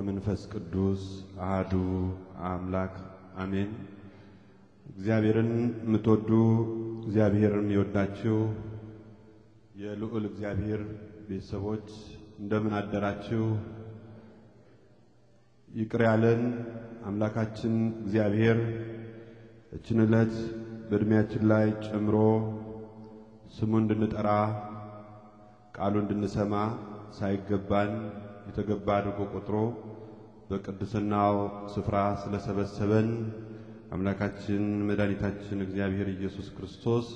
ወመንፈስ ቅዱስ አህዱ አምላክ አሜን። እግዚአብሔርን የምትወዱ እግዚአብሔርን የሚወዳችሁ የልዑል እግዚአብሔር ቤተሰቦች እንደምን አደራችሁ? ይቅር ያለን አምላካችን እግዚአብሔር እችን ዕለት ላይ ጨምሮ ስሙ እንድንጠራ ቃሉ እንድንሰማ ሳይገባን የተገባ አድርጎ ቆጥሮ በቅድስናው ስፍራ ስለሰበሰበን አምላካችን መድኃኒታችን እግዚአብሔር ኢየሱስ ክርስቶስ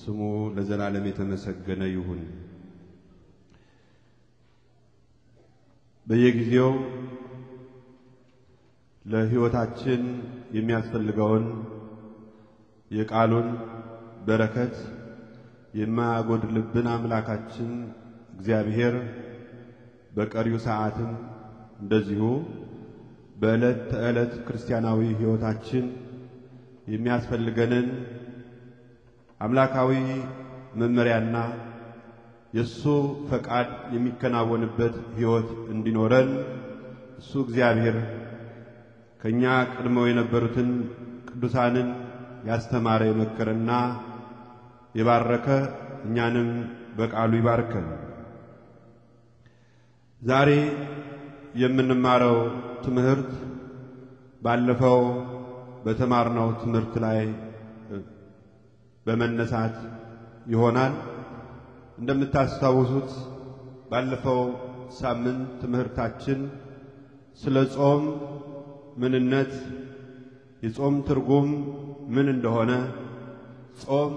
ስሙ ለዘላለም የተመሰገነ ይሁን። በየጊዜው ለሕይወታችን የሚያስፈልገውን የቃሉን በረከት የማያጎድልብን አምላካችን እግዚአብሔር በቀሪው ሰዓትም እንደዚሁ በዕለት ተዕለት ክርስቲያናዊ ሕይወታችን የሚያስፈልገንን አምላካዊ መመሪያና የእሱ ፈቃድ የሚከናወንበት ሕይወት እንዲኖረን እሱ እግዚአብሔር ከእኛ ቀድመው የነበሩትን ቅዱሳንን ያስተማረ የመከረና የባረከ እኛንም በቃሉ ይባርከን። ዛሬ የምንማረው ትምህርት ባለፈው በተማርነው ትምህርት ላይ በመነሳት ይሆናል። እንደምታስታውሱት ባለፈው ሳምንት ትምህርታችን ስለ ጾም ምንነት፣ የጾም ትርጉም ምን እንደሆነ፣ ጾም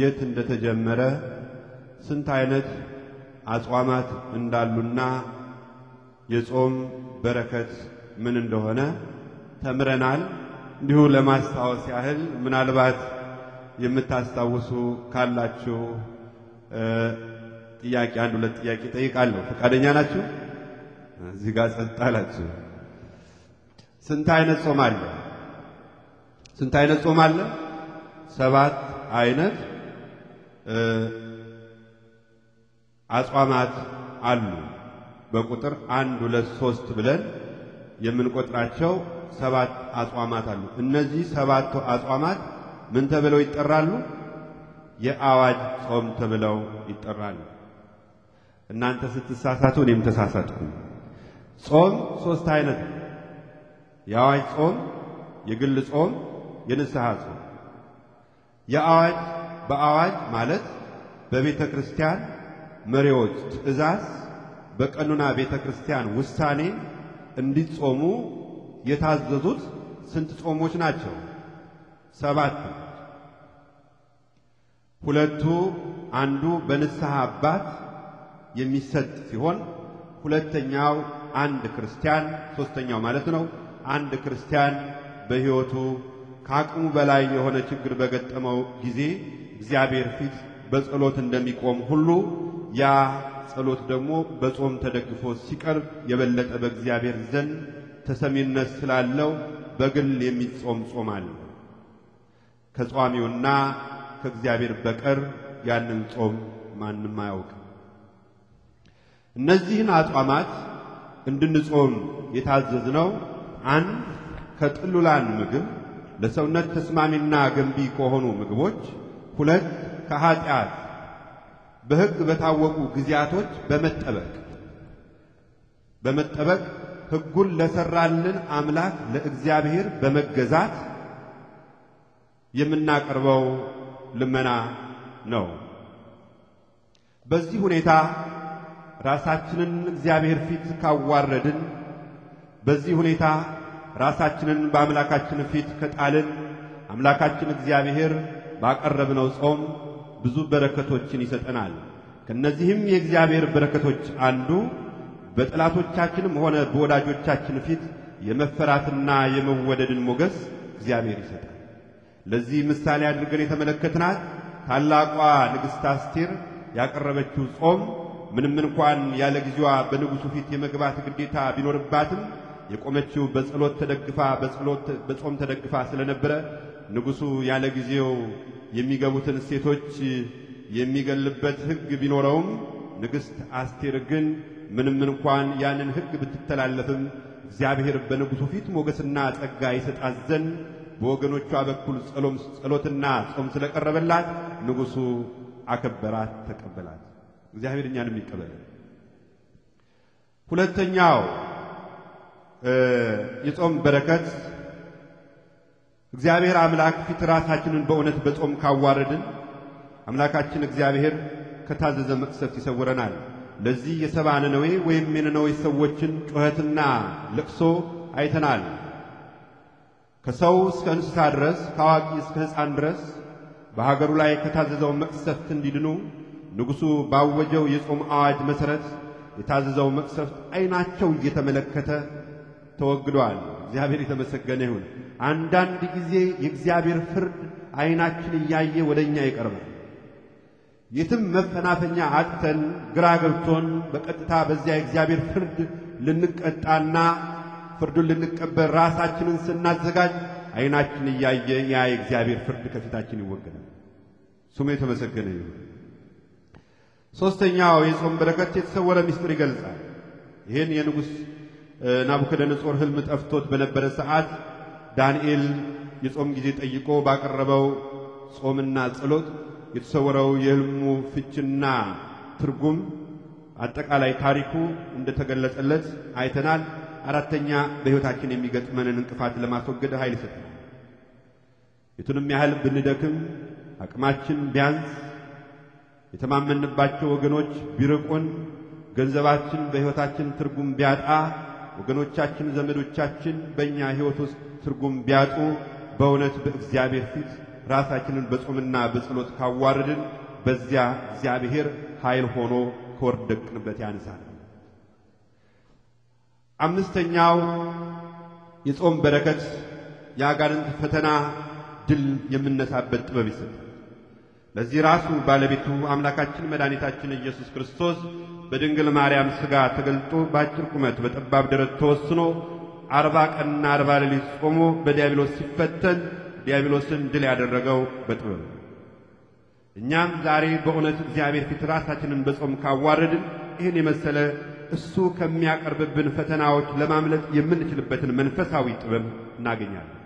የት እንደተጀመረ፣ ስንት አይነት አጽዋማት እንዳሉና የጾም በረከት ምን እንደሆነ ተምረናል። እንዲሁ ለማስታወስ ያህል ምናልባት የምታስታውሱ ካላችሁ ጥያቄ አንድ ሁለት ጥያቄ ጠይቃለሁ። ፈቃደኛ ናችሁ? እዚህ ጋር ጸጥ አላችሁ። ስንት አይነት ጾም አለ? ስንት አይነት ጾም አለ? ሰባት አይነት አጽዋማት አሉ። በቁጥር አንድ ሁለት ሶስት ብለን የምንቆጥራቸው ሰባት አጽዋማት አሉ። እነዚህ ሰባቱ አጽዋማት ምን ተብለው ይጠራሉ? የአዋጅ ጾም ተብለው ይጠራሉ። እናንተ ስትሳሳቱ እኔም ተሳሳትኩ። ጾም ሶስት አይነት ነው። የአዋጅ ጾም፣ የግል ጾም፣ የንስሐ ጾም። የአዋጅ በአዋጅ ማለት በቤተ ክርስቲያን መሪዎች ትእዛዝ በቀኑና ቤተ ክርስቲያን ውሳኔ እንዲጾሙ የታዘዙት ስንት ጾሞች ናቸው? ሰባት። ሁለቱ አንዱ በንስሐ አባት የሚሰጥ ሲሆን ሁለተኛው አንድ ክርስቲያን ሶስተኛው ማለት ነው። አንድ ክርስቲያን በሕይወቱ ከአቅሙ በላይ የሆነ ችግር በገጠመው ጊዜ እግዚአብሔር ፊት በጸሎት እንደሚቆም ሁሉ ያ ጸሎት ደግሞ በጾም ተደግፎ ሲቀርብ የበለጠ በእግዚአብሔር ዘንድ ተሰሚነት ስላለው በግል የሚጾም ጾም አለ። ከጿሚውና ከእግዚአብሔር በቀር ያንን ጾም ማንም አያውቅም። እነዚህን አጽዋማት እንድንጾም የታዘዝነው አንድ ከጥሉላን ምግብ ለሰውነት ተስማሚና ገንቢ ከሆኑ ምግቦች፣ ሁለት ከኀጢአት በሕግ በታወቁ ጊዜያቶች በመጠበቅ በመጠበቅ ሕጉን ለሰራልን አምላክ ለእግዚአብሔር በመገዛት የምናቀርበው ልመና ነው። በዚህ ሁኔታ ራሳችንን እግዚአብሔር ፊት ካዋረድን፣ በዚህ ሁኔታ ራሳችንን በአምላካችን ፊት ከጣልን አምላካችን እግዚአብሔር ባቀረብነው ጾም ብዙ በረከቶችን ይሰጠናል። ከነዚህም የእግዚአብሔር በረከቶች አንዱ በጠላቶቻችንም ሆነ በወዳጆቻችን ፊት የመፈራትና የመወደድን ሞገስ እግዚአብሔር ይሰጣል። ለዚህ ምሳሌ አድርገን የተመለከትናት ታላቋ ንግሥት አስቴር ያቀረበችው ጾም ምንም እንኳን ያለ ጊዜዋ በንጉሡ ፊት የመግባት ግዴታ ቢኖርባትም የቆመችው በጸሎት ተደግፋ በጸሎት በጾም ተደግፋ ስለነበረ ንጉሡ ያለ ጊዜው የሚገቡትን ሴቶች የሚገልበት ሕግ ቢኖረውም ንግሥት አስቴር ግን ምንም እንኳን ያንን ሕግ ብትተላለፍም እግዚአብሔር በንጉሡ ፊት ሞገስና ጸጋ ይሰጣት ዘንድ በወገኖቿ በኩል ጸሎትና ጾም ስለቀረበላት ንጉሡ አከበራት፣ ተቀበላት። እግዚአብሔር እኛንም ይቀበል። ሁለተኛው የጾም በረከት እግዚአብሔር አምላክ ፊት ራሳችንን በእውነት በጾም ካዋረድን አምላካችን እግዚአብሔር ከታዘዘ መቅሰፍት ይሰውረናል። ለዚህ የሰባ ነነዌ ወይም የነነዌ ሰዎችን ጩኸትና ልቅሶ አይተናል። ከሰው እስከ እንስሳ ድረስ ከአዋቂ እስከ ሕፃን ድረስ በሀገሩ ላይ ከታዘዘው መቅሰፍት እንዲድኑ ንጉሡ ባወጀው የጾም አዋጅ መሠረት የታዘዘው መቅሰፍት ዐይናቸው እየተመለከተ ተወግዷል። እግዚአብሔር የተመሰገነ ይሁን። አንዳንድ ጊዜ የእግዚአብሔር ፍርድ ዓይናችን እያየ ወደ እኛ ይቀርባል። የትም መፈናፈኛ አጥተን ግራ ገብቶን በቀጥታ በዚያ የእግዚአብሔር ፍርድ ልንቀጣና ፍርዱን ልንቀበል ራሳችንን ስናዘጋጅ ዓይናችን እያየ ያ የእግዚአብሔር ፍርድ ከፊታችን ይወገዳል። ስሙ የተመሰገነ ይሁን። ሦስተኛው የጾም በረከት የተሰወረ ምስጢር ይገልጻል። ይህን የንጉሥ ናቡከደነጾር ሕልም ጠፍቶት በነበረ ሰዓት ዳንኤል የጾም ጊዜ ጠይቆ ባቀረበው ጾምና ጸሎት የተሰወረው የሕልሙ ፍችና ትርጉም አጠቃላይ ታሪኩ እንደተገለጸለት አይተናል። አራተኛ በሕይወታችን የሚገጥመንን እንቅፋት ለማስወገድ ኃይል ይሰጠናል። የቱንም ያህል ብንደክም፣ አቅማችን ቢያንስ፣ የተማመንባቸው ወገኖች ቢርቁን፣ ገንዘባችን በሕይወታችን ትርጉም ቢያጣ ወገኖቻችን፣ ዘመዶቻችን በእኛ ሕይወት ውስጥ ትርጉም ቢያጡ በእውነት በእግዚአብሔር ፊት ራሳችንን በጾምና በጸሎት ካዋረድን በዚያ እግዚአብሔር ኃይል ሆኖ ከወደቅንበት ያነሳል። አምስተኛው የጾም በረከት የአጋንንት ፈተና ድል የምነሳበት ጥበብ ይሰጣል። ለዚህ ራሱ ባለቤቱ አምላካችን መድኃኒታችን ኢየሱስ ክርስቶስ በድንግል ማርያም ሥጋ ተገልጦ በአጭር ቁመት በጠባብ ደረት ተወስኖ አርባ ቀንና አርባ ሌሊት ጾሞ በዲያብሎስ ሲፈተን ዲያብሎስን ድል ያደረገው በጥበብ እኛም ዛሬ በእውነት እግዚአብሔር ፊት ራሳችንን በጾም ካዋረድን ይህን የመሰለ እሱ ከሚያቀርብብን ፈተናዎች ለማምለጥ የምንችልበትን መንፈሳዊ ጥበብ እናገኛለን።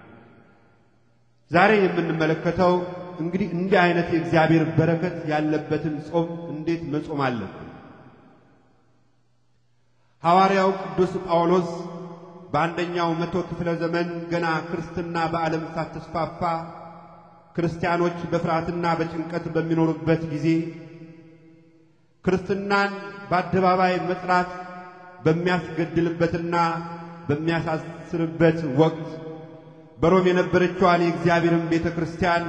ዛሬ የምንመለከተው እንግዲህ እንዲህ አይነት የእግዚአብሔር በረከት ያለበትን ጾም እንዴት መጾም አለብን። ሐዋርያው ቅዱስ ጳውሎስ በአንደኛው መቶ ክፍለ ዘመን ገና ክርስትና በዓለም ሳትስፋፋ ክርስቲያኖች በፍርሃትና በጭንቀት በሚኖሩበት ጊዜ ክርስትናን በአደባባይ መጥራት በሚያስገድልበትና በሚያሳስርበት ወቅት በሮም የነበረችዋን የእግዚአብሔርን ቤተ ክርስቲያን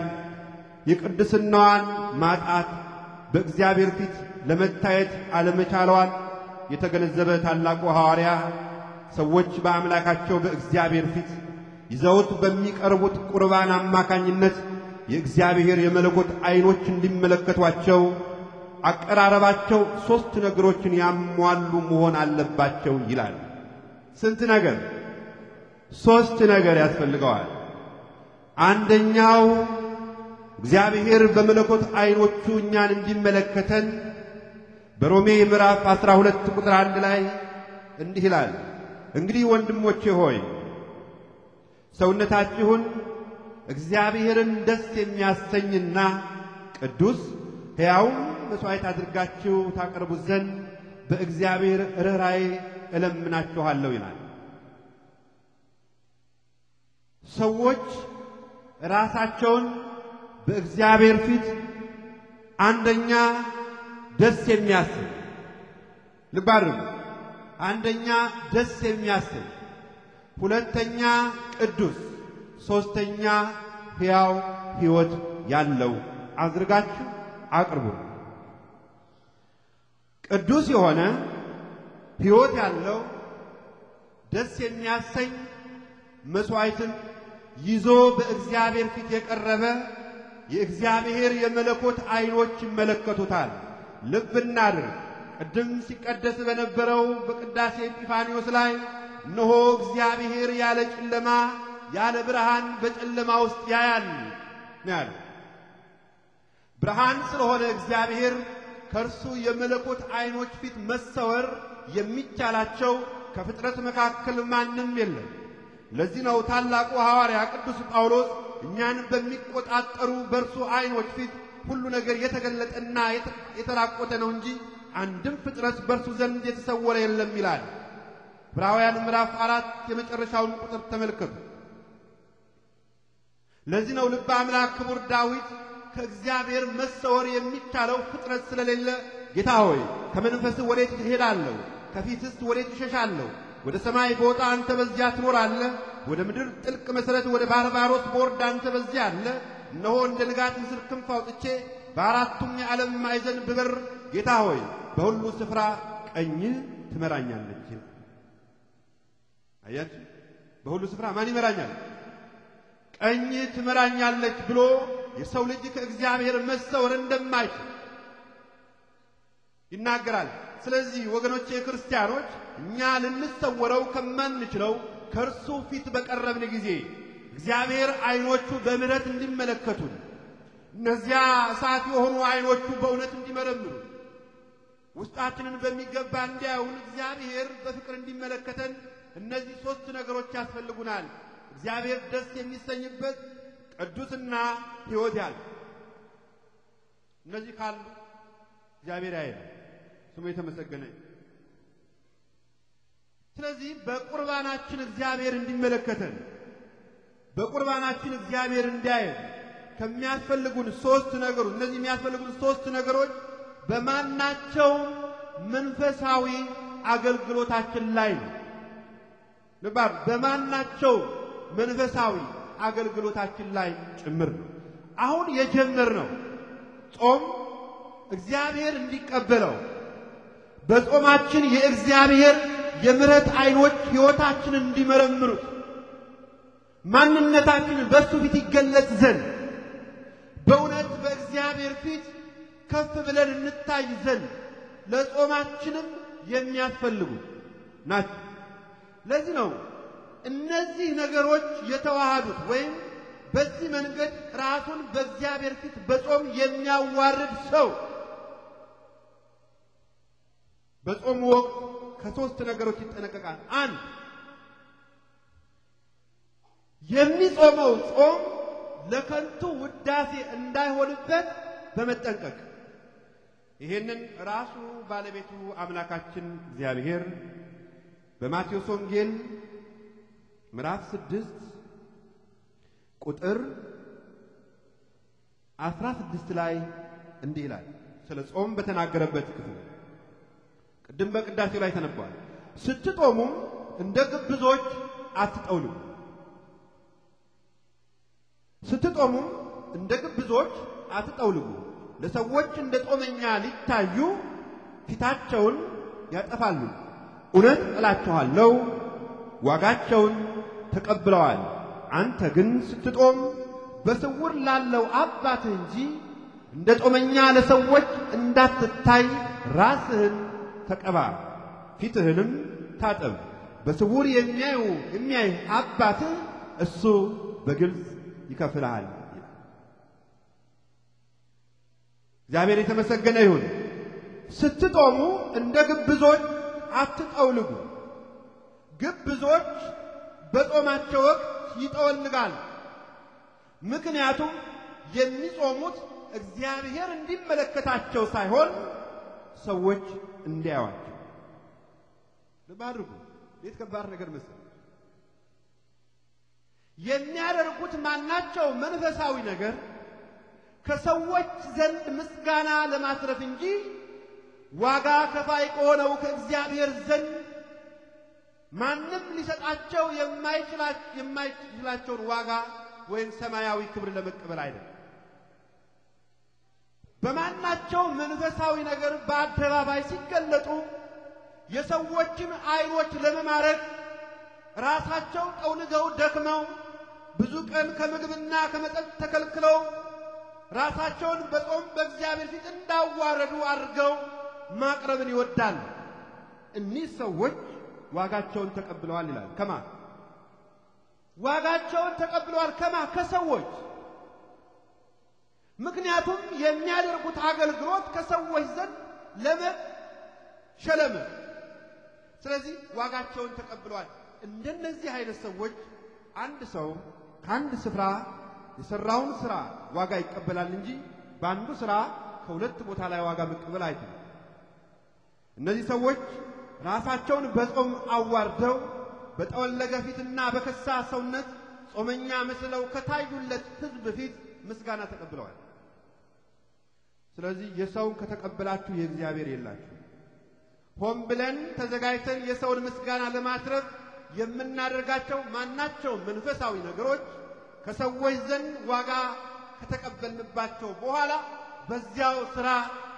የቅድስናዋን ማጣት በእግዚአብሔር ፊት ለመታየት አለመቻለዋል የተገነዘበ ታላቁ ሐዋርያ ሰዎች በአምላካቸው በእግዚአብሔር ፊት ይዘውት በሚቀርቡት ቁርባን አማካኝነት የእግዚአብሔር የመለኮት ዐይኖች እንዲመለከቷቸው አቀራረባቸው ሦስት ነገሮችን ያሟሉ መሆን አለባቸው ይላል። ስንት ነገር? ሦስት ነገር ያስፈልገዋል። አንደኛው እግዚአብሔር በመለኮት ዐይኖቹ እኛን እንዲመለከተን በሮሜ ምዕራፍ 12 ቁጥር 1 ላይ እንዲህ ይላል፣ እንግዲህ ወንድሞቼ ሆይ ሰውነታችሁን እግዚአብሔርን ደስ የሚያሰኝና ቅዱስ ሕያውም መሥዋዕት አድርጋችሁ ታቀርቡት ዘንድ በእግዚአብሔር ርኅራዬ እለምናችኋለሁ ይላል። ሰዎች ራሳቸውን በእግዚአብሔር ፊት አንደኛ ደስ የሚያሰኝ ልብ አድርጉ። አንደኛ ደስ የሚያሰኝ፣ ሁለተኛ ቅዱስ፣ ሶስተኛ ሕያው ሕይወት ያለው አድርጋችሁ አቅርቡ። ቅዱስ የሆነ ሕይወት ያለው ደስ የሚያሰኝ መስዋዕትን ይዞ በእግዚአብሔር ፊት የቀረበ የእግዚአብሔር የመለኮት አይኖች ይመለከቱታል። ልብ እናድርግ። ቅድም ሲቀደስ በነበረው በቅዳሴ ኤጲፋንዮስ ላይ እነሆ እግዚአብሔር ያለ ጨለማ ያለ ብርሃን በጨለማ ውስጥ ያያል ያለ ብርሃን ስለሆነ እግዚአብሔር ከእርሱ የመለኮት ዐይኖች ፊት መሰወር የሚቻላቸው ከፍጥረት መካከል ማንም የለም። ለዚህ ነው ታላቁ ሐዋርያ ቅዱስ ጳውሎስ እኛን በሚቆጣጠሩ በእርሱ ዐይኖች ፊት ሁሉ ነገር የተገለጠና የተራቆተ ነው እንጂ አንድም ፍጥረት በእርሱ ዘንድ የተሰወረ የለም ይላል። ዕብራውያን ምዕራፍ አራት የመጨረሻውን ቁጥር ተመልከቱ። ለዚህ ነው ልበ አምላክ ክቡር ዳዊት ከእግዚአብሔር መሰወር የሚቻለው ፍጥረት ስለሌለ ጌታ ሆይ ከመንፈስህ ወዴት እሄዳለሁ? ከፊትስ ወዴት እሸሻለሁ? ወደ ሰማይ በወጣ አንተ በዚያ ትኖራለህ። ወደ ምድር ጥልቅ መሠረት ወደ ባርባሮስ በወርድ አንተ በዚያ አለ። እነሆ እንደ ንጋት ንስር ክንፍ አውጥቼ በአራቱም የዓለም ማዕዘን ብበር፣ ጌታ ሆይ በሁሉ ስፍራ ቀኝ ትመራኛለች። አያችሁ፣ በሁሉ ስፍራ ማን ይመራኛል? ቀኝ ትመራኛለች ብሎ የሰው ልጅ ከእግዚአብሔር መሰወር እንደማይችል ይናገራል። ስለዚህ ወገኖቼ ክርስቲያኖች፣ እኛ ልንሰወረው ከማንችለው ከእርሱ ፊት በቀረብን ጊዜ እግዚአብሔር አይኖቹ በምሕረት እንዲመለከቱን እነዚያ እሳት የሆኑ አይኖቹ በእውነት እንዲመረምሩ ውስጣችንን በሚገባ እንዲያውን እግዚአብሔር በፍቅር እንዲመለከተን እነዚህ ሦስት ነገሮች ያስፈልጉናል። እግዚአብሔር ደስ የሚሰኝበት ቅዱስና ሕይወት ያለ እነዚህ ካሉ እግዚአብሔር ያየን ስሙ የተመሰገነ። ስለዚህ በቁርባናችን እግዚአብሔር እንዲመለከተን በቁርባናችን እግዚአብሔር እንዲያይ ከሚያስፈልጉን ሶስት ነገሮች እነዚህ የሚያስፈልጉን ሶስት ነገሮች በማናቸውም መንፈሳዊ አገልግሎታችን ላይ ልባብ በማናቸው መንፈሳዊ አገልግሎታችን ላይ ጭምር ነው። አሁን የጀመር ነው ጾም እግዚአብሔር እንዲቀበለው በጾማችን የእግዚአብሔር የምሕረት አይኖች ሕይወታችንን እንዲመረምሩት ማንነታችንን በእሱ ፊት ይገለጽ ዘንድ በእውነት በእግዚአብሔር ፊት ከፍ ብለን እንታይ ዘንድ ለጾማችንም የሚያስፈልጉ ናቸው። ለዚህ ነው እነዚህ ነገሮች የተዋሃዱት ወይም በዚህ መንገድ ራሱን በእግዚአብሔር ፊት በጾም የሚያዋርድ ሰው በጾሙ ወቅት ከሶስት ነገሮች ይጠነቀቃል። አንድ የሚጾመው ጾም ለከንቱ ውዳሴ እንዳይሆንበት በመጠንቀቅ ይህንን ራሱ ባለቤቱ አምላካችን እግዚአብሔር በማቴዎስ ወንጌል ምዕራፍ ስድስት ቁጥር አስራ ስድስት ላይ እንዲህ ይላል። ስለ ጾም በተናገረበት ክፍል ቅድም በቅዳሴው ላይ ተነቧል። ስትጾሙም እንደ ግብዞች አትጠውሉ። ስትጦሙም እንደ ግብዞች አትጠውልጉ፣ ለሰዎች እንደ ጦመኛ ሊታዩ ፊታቸውን ያጠፋሉ። እውነት እላችኋለሁ ዋጋቸውን ተቀብለዋል። አንተ ግን ስትጦም በስውር ላለው አባትህ እንጂ እንደ ጦመኛ ለሰዎች እንዳትታይ ራስህን ተቀባ፣ ፊትህንም ታጠብ። በስውር የሚያዩ የሚያይህ አባትህ እሱ በግልጽ ይከፍልሃል። እግዚአብሔር የተመሰገነ ይሁን። ስትጦሙ እንደ ግብዞች አትጠውልጉ። ግብዞች በጾማቸው ወቅት ይጠወልጋል። ምክንያቱም የሚጾሙት እግዚአብሔር እንዲመለከታቸው ሳይሆን ሰዎች እንዲያዋቸው። ልብ አድርጉ። ቤት ከባድ ነገር መሰለኝ። የሚያደርጉት ማናቸው መንፈሳዊ ነገር ከሰዎች ዘንድ ምስጋና ለማስረፍ እንጂ ዋጋ ከፋይ ከሆነው ከእግዚአብሔር ዘንድ ማንም ሊሰጣቸው የማይችላቸውን ዋጋ ወይም ሰማያዊ ክብር ለመቀበል አይደለም። በማናቸው መንፈሳዊ ነገር በአደባባይ ሲገለጡ የሰዎችን አይኖች ለመማረክ ራሳቸው ጠውልገው ደክመው ብዙ ቀን ከምግብና ከመጠጥ ተከልክለው ራሳቸውን በጾም በእግዚአብሔር ፊት እንዳዋረዱ አድርገው ማቅረብን ይወዳል። እኒህ ሰዎች ዋጋቸውን ተቀብለዋል ይላል። ከማ ዋጋቸውን ተቀብለዋል። ከማ ከሰዎች ምክንያቱም የሚያደርጉት አገልግሎት ከሰዎች ዘንድ ለመሸለም፣ ስለዚህ ዋጋቸውን ተቀብለዋል። እንደነዚህ አይነት ሰዎች አንድ ሰው ከአንድ ስፍራ የሰራውን ስራ ዋጋ ይቀበላል እንጂ በአንዱ ስራ ከሁለት ቦታ ላይ ዋጋ መቀበል አይችልም። እነዚህ ሰዎች ራሳቸውን በጾም አዋርደው በጠወለገ ፊትና በከሳ ሰውነት ጾመኛ መስለው ከታዩለት ሕዝብ ፊት ምስጋና ተቀብለዋል። ስለዚህ የሰውን ከተቀበላችሁ የእግዚአብሔር የላችሁ። ሆን ብለን ተዘጋጅተን የሰውን ምስጋና ለማትረፍ የምናደርጋቸው ማናቸው መንፈሳዊ ነገሮች ከሰዎች ዘንድ ዋጋ ከተቀበልንባቸው በኋላ በዚያው ስራ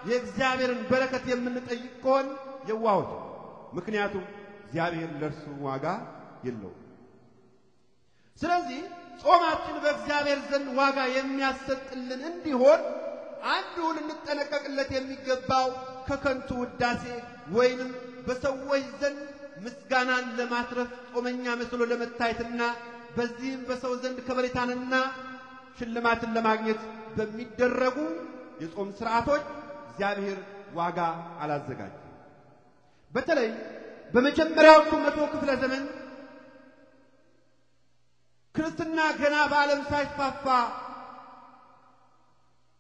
የእግዚአብሔርን በረከት የምንጠይቅ ከሆን የዋሆች፣ ምክንያቱም እግዚአብሔር ለእርሱ ዋጋ የለውም። ስለዚህ ጾማችን በእግዚአብሔር ዘንድ ዋጋ የሚያሰጥልን እንዲሆን አንዱ ልንጠነቀቅለት የሚገባው ከከንቱ ውዳሴ ወይንም በሰዎች ዘንድ ምስጋናን ለማትረፍ ጦመኛ መስሎ ለመታየትና በዚህም በሰው ዘንድ ከበሬታንና ሽልማትን ለማግኘት በሚደረጉ የጾም ሥርዓቶች እግዚአብሔር ዋጋ አላዘጋጀም። በተለይ በመጀመሪያዎቹ መቶ ክፍለ ዘመን ክርስትና ገና በዓለም ሳይስፋፋ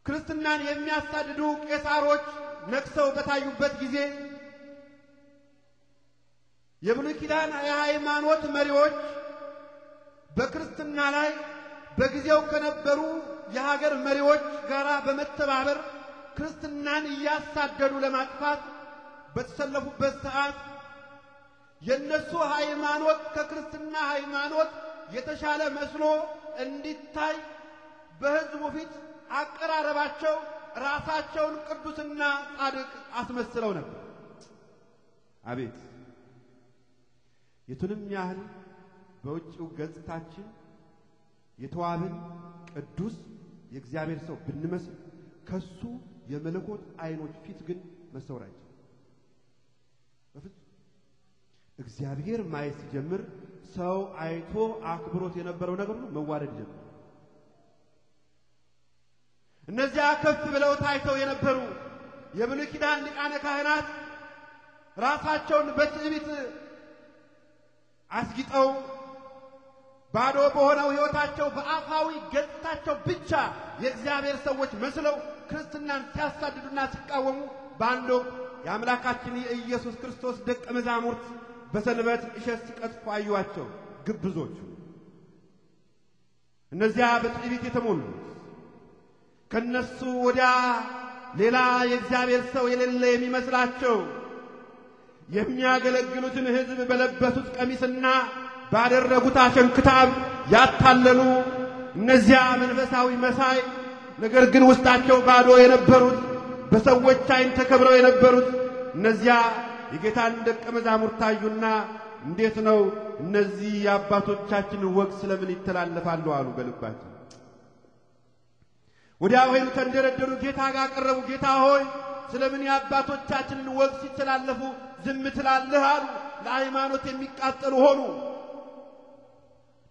ክርስትናን የሚያሳድዱ ቄሳሮች ነግሰው በታዩበት ጊዜ የብሉይ ኪዳን የሃይማኖት መሪዎች በክርስትና ላይ በጊዜው ከነበሩ የሀገር መሪዎች ጋር በመተባበር ክርስትናን እያሳደዱ ለማጥፋት በተሰለፉበት ሰዓት የእነሱ ሃይማኖት ከክርስትና ሃይማኖት የተሻለ መስሎ እንዲታይ በሕዝቡ ፊት አቀራረባቸው ራሳቸውን ቅዱስና ጻድቅ አስመስለው ነበር። አቤት የቱንም ያህል በውጭው ገጽታችን የተዋብን ቅዱስ የእግዚአብሔር ሰው ብንመስል ከሱ የመለኮት አይኖች ፊት ግን መሰወራችን በፍጹም እግዚአብሔር ማየት ሲጀምር ሰው አይቶ አክብሮት የነበረው ነገር ሁሉ መዋረድ ጀምር። እነዚያ ከፍ ብለው ታይተው የነበሩ የብሉይ ኪዳን ሊቃነ ካህናት ራሳቸውን በትዕቢት አስጊጠው ባዶ በሆነው ሕይወታቸው በአፋዊ ገጽታቸው ብቻ የእግዚአብሔር ሰዎች መስለው ክርስትናን ሲያሳድዱና ሲቃወሙ በአንድ ወቅት የአምላካችን የኢየሱስ ክርስቶስ ደቀ መዛሙርት በሰንበት እሸት ሲቀጥፉ አዩዋቸው። ግብዞቹ እነዚያ በትዕቢት የተሞሉት ከነሱ ወዲያ ሌላ የእግዚአብሔር ሰው የሌለ የሚመስላቸው የሚያገለግሉትን ሕዝብ በለበሱት ቀሚስና ባደረጉት አሸንክታብ ያታለሉ እነዚያ መንፈሳዊ መሳይ ነገር ግን ውስጣቸው ባዶ የነበሩት በሰዎች ዓይን ተከብረው የነበሩት እነዚያ የጌታን ደቀ መዛሙርት ታዩና፣ እንዴት ነው እነዚህ የአባቶቻችን ወግ ስለምን ይተላለፋሉ? አሉ በልባቸው። ወዲያው ሄዱ፣ ተንደረደሩ፣ ጌታ ጋር ቀረቡ። ጌታ ሆይ ስለምን የአባቶቻችንን ወግ ሲተላለፉ ዝም ትላልህ? አሉ። ለሃይማኖት የሚቃጠሉ ሆኑ።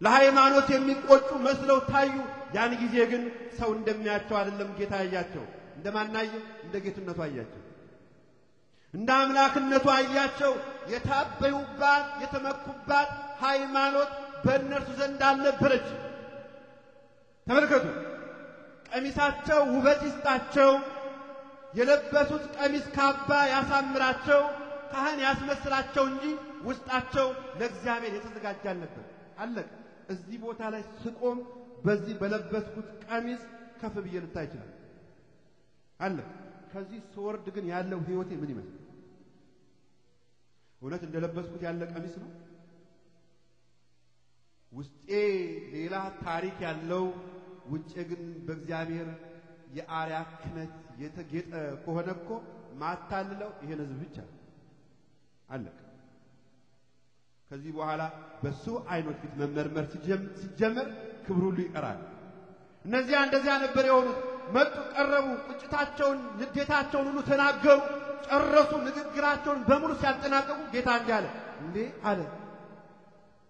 ለሃይማኖት የሚቆጩ መስለው ታዩ። ያን ጊዜ ግን ሰው እንደሚያቸው አይደለም፣ ጌታ አያቸው። እንደማናየ እንደ ጌትነቱ አያቸው፣ እንደ አምላክነቱ አያቸው። የታበዩባት የተመኩባት ሃይማኖት በእነርሱ ዘንድ አልነበረች። ተመልከቱ። ቀሚሳቸው ውበት ይስጣቸው የለበሱት ቀሚስ ካባ ያሳምራቸው ካህን ያስመስላቸው እንጂ ውስጣቸው ለእግዚአብሔር የተዘጋጀ አልነበር። አለቅ እዚህ ቦታ ላይ ስቆም በዚህ በለበስኩት ቀሚስ ከፍ ብዬ ልታይ ይችላል። አለቅ ከዚህ ስወርድ ግን ያለው ህይወቴ ምን ይመስል? እውነት እንደለበስኩት ያለ ቀሚስ ነው? ውስጤ ሌላ ታሪክ ያለው ውጭ ግን በእግዚአብሔር የአርያ ክነት የተጌጠ ከሆነ እኮ ማታልለው ይሄን ህዝብ ብቻ አለቀ። ከዚህ በኋላ በሱ አይኖች ፊት መመርመር ሲጀመር ክብር ሁሉ ይቀራል። እነዚያ እንደዚያ ነበር የሆኑት። መጡ፣ ቀረቡ፣ ቁጭታቸውን፣ ንዴታቸውን ሁሉ ተናገሩ፣ ጨረሱ። ንግግራቸውን በሙሉ ሲያጠናቀቁ ጌታ እንዲህ አለ። እንዴ አለ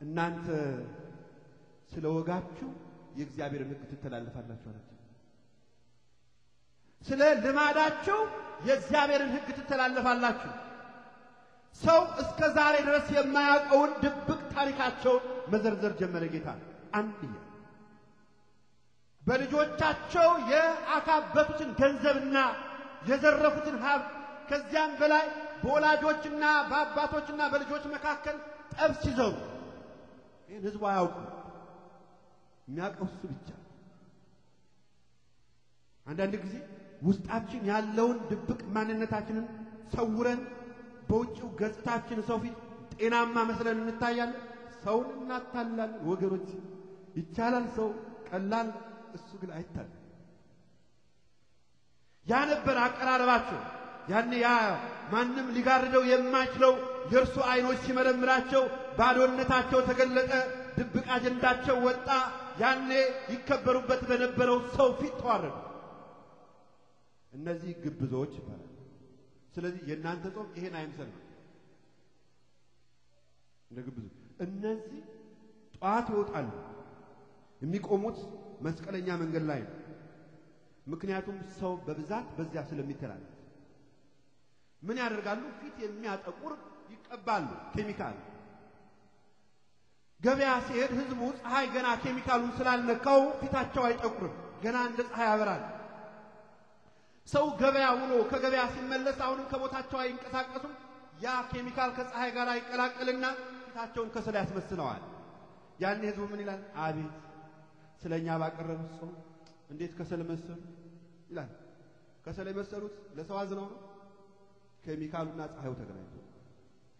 እናንተ ስለ ወጋችሁ የእግዚአብሔርን ሕግ ትተላለፋላችሁ አላቸው። ስለ ልማዳቸው የእግዚአብሔርን ሕግ ትተላለፋላችሁ። ሰው እስከ ዛሬ ድረስ የማያውቀውን ድብቅ ታሪካቸውን መዘርዘር ጀመረ። ጌታ አንድያ በልጆቻቸው የአካበቱትን ገንዘብና የዘረፉትን ሀብት ከዚያም በላይ በወላጆችና በአባቶችና በልጆች መካከል ጠብ ሲዘሩ ይህን ህዝቡ አያውቁም። የሚያውቀው እሱ ብቻ። አንዳንድ ጊዜ ውስጣችን ያለውን ድብቅ ማንነታችንን ሰውረን በውጭው ገጽታችን ሰው ፊት ጤናማ መስለን እንታያለን። ሰውን እናታላለን ወገኖች። ይቻላል፣ ሰው ቀላል፣ እሱ ግን አይታል። ያ ነበር አቀራረባቸው። ያኔ ያ ማንም ሊጋርደው የማይችለው የእርሱ አይኖች ሲመረምራቸው ባዶነታቸው ተገለጠ፣ ድብቅ አጀንዳቸው ወጣ። ያኔ ይከበሩበት በነበረው ሰው ፊት ተዋረዱ። እነዚህ ግብዞች ይባላል። ስለዚህ የእናንተ ጾም ይሄን አይምሰል ነው እንደ እነዚህ ጠዋት ይወጣሉ። የሚቆሙት መስቀለኛ መንገድ ላይ ነው። ምክንያቱም ሰው በብዛት በዚያ ስለሚተላለፍ ምን ያደርጋሉ? ፊት የሚያጠቁር ይቀባሉ፣ ኬሚካል። ገበያ ሲሄድ ህዝቡ ፀሐይ ገና ኬሚካሉን ስላልነካው ፊታቸው አይጠቁርም፣ ገና እንደ ፀሐይ ያበራል። ሰው ገበያ ውሎ ከገበያ ሲመለስ አሁንም ከቦታቸው አይንቀሳቀሱም። ያ ኬሚካል ከፀሐይ ጋር ይቀላቀልና ፊታቸውን ከሰል ያስመስለዋል። ያን ህዝቡ ምን ይላል? አቤት ስለኛ ባቀረብ ጾም እንዴት ከሰል መሰሉ ይላል። ከሰል የመሰሉት ለሰው አዝነው ነው። ኬሚካሉና ፀሐዩ ተገናኝቶ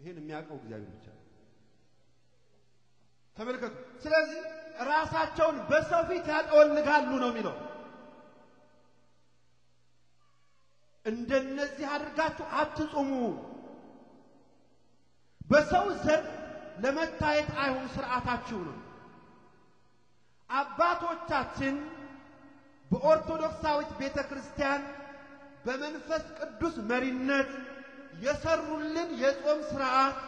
ይሄን የሚያውቀው እግዚአብሔር ብቻ ተመልከቱ። ስለዚህ ራሳቸውን በሰው ፊት ያጠወልጋሉ ነው የሚለው እንደነዚህ አድርጋችሁ አትጾሙ። በሰው ዘንድ ለመታየት አይሁን ስርዓታችሁ ነው። አባቶቻችን በኦርቶዶክሳዊት ቤተ ክርስቲያን በመንፈስ ቅዱስ መሪነት የሰሩልን የጾም ስርዓት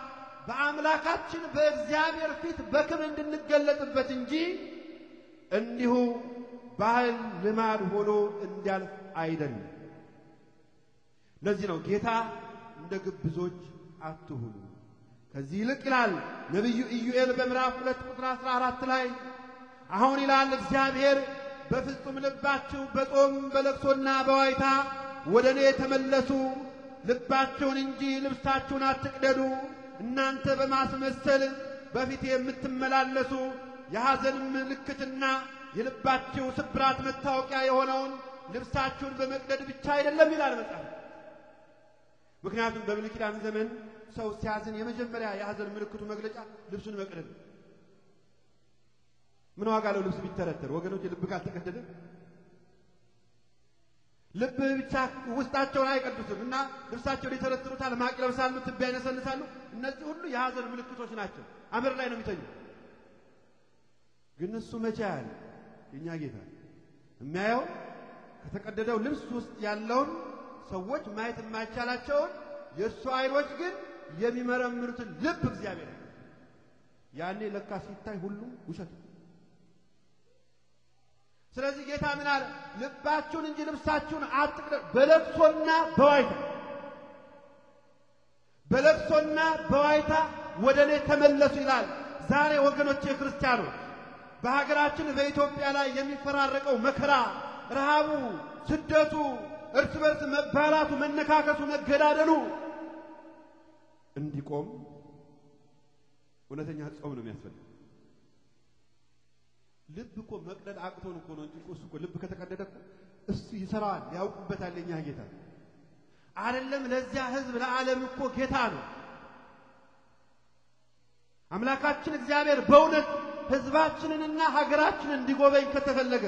በአምላካችን በእግዚአብሔር ፊት በክብር እንድንገለጥበት እንጂ እንዲሁ ባህል ልማድ ሆኖ እንዲያልፍ አይደለም። ለዚህ ነው ጌታ እንደ ግብዞች አትሁኑ። ከዚህ ይልቅ ይላል ነቢዩ ኢዩኤል በምዕራፍ ሁለት ቁጥር አስራ አራት ላይ አሁን ይላል እግዚአብሔር በፍጹም ልባችሁ በጾም በለቅሶና በዋይታ ወደ እኔ ተመለሱ፣ ልባችሁን እንጂ ልብሳችሁን አትቅደዱ። እናንተ በማስመሰል በፊት የምትመላለሱ የሐዘን ምልክትና የልባችሁ ስብራት መታወቂያ የሆነውን ልብሳችሁን በመቅደድ ብቻ አይደለም ይላል መጽሐፍ ምክንያቱም በብሉይ ኪዳን ዘመን ሰው ሲያዝን የመጀመሪያ የሀዘን ምልክቱ መግለጫ ልብሱን መቅደድ። ምን ዋጋ አለው ልብስ ቢተረተር? ወገኖች ልብ አልተቀደደም። ልብ ብቻ ውስጣቸውን አይቀዱትም እና ልብሳቸውን ይተረትሩታል፣ ማቅ ይለብሳሉ፣ ትቢያ ይነሰንሳሉ። እነዚህ ሁሉ የሀዘን ምልክቶች ናቸው። አመር ላይ ነው የሚተኙ። ግን እሱ መቼ ያለ የእኛ ጌታ የሚያየው ከተቀደደው ልብስ ውስጥ ያለውን ሰዎች ማየት የማይቻላቸውን የእሱ አይኖች ግን የሚመረምሩትን ልብ እግዚአብሔር ያኔ ለካ ሲታይ ሁሉም ውሸት ስለዚህ ጌታ ምን አለ? ልባችሁን እንጂ ልብሳችሁን አትቅደ በለቅሶና በዋይታ በለቅሶና በዋይታ ወደ እኔ ተመለሱ ይላል። ዛሬ ወገኖቼ ክርስቲያኖች፣ በሀገራችን በኢትዮጵያ ላይ የሚፈራረቀው መከራ፣ ረሃቡ፣ ስደቱ እርስ በርስ መባላቱ፣ መነካከቱ፣ መገዳደሉ እንዲቆም እውነተኛ ጾም ነው የሚያስፈልግ። ልብ እኮ መቅደድ አቅቶን እኮ ነው እንጂ እሱ እኮ ልብ ከተቀደደ እኮ እሱ ይሰራዋል፣ ያውቁበታል። የኛ ጌታ አይደለም ለዚያ ህዝብ ለዓለም እኮ ጌታ ነው። አምላካችን እግዚአብሔር በእውነት ህዝባችንንና ሀገራችንን እንዲጎበኝ ከተፈለገ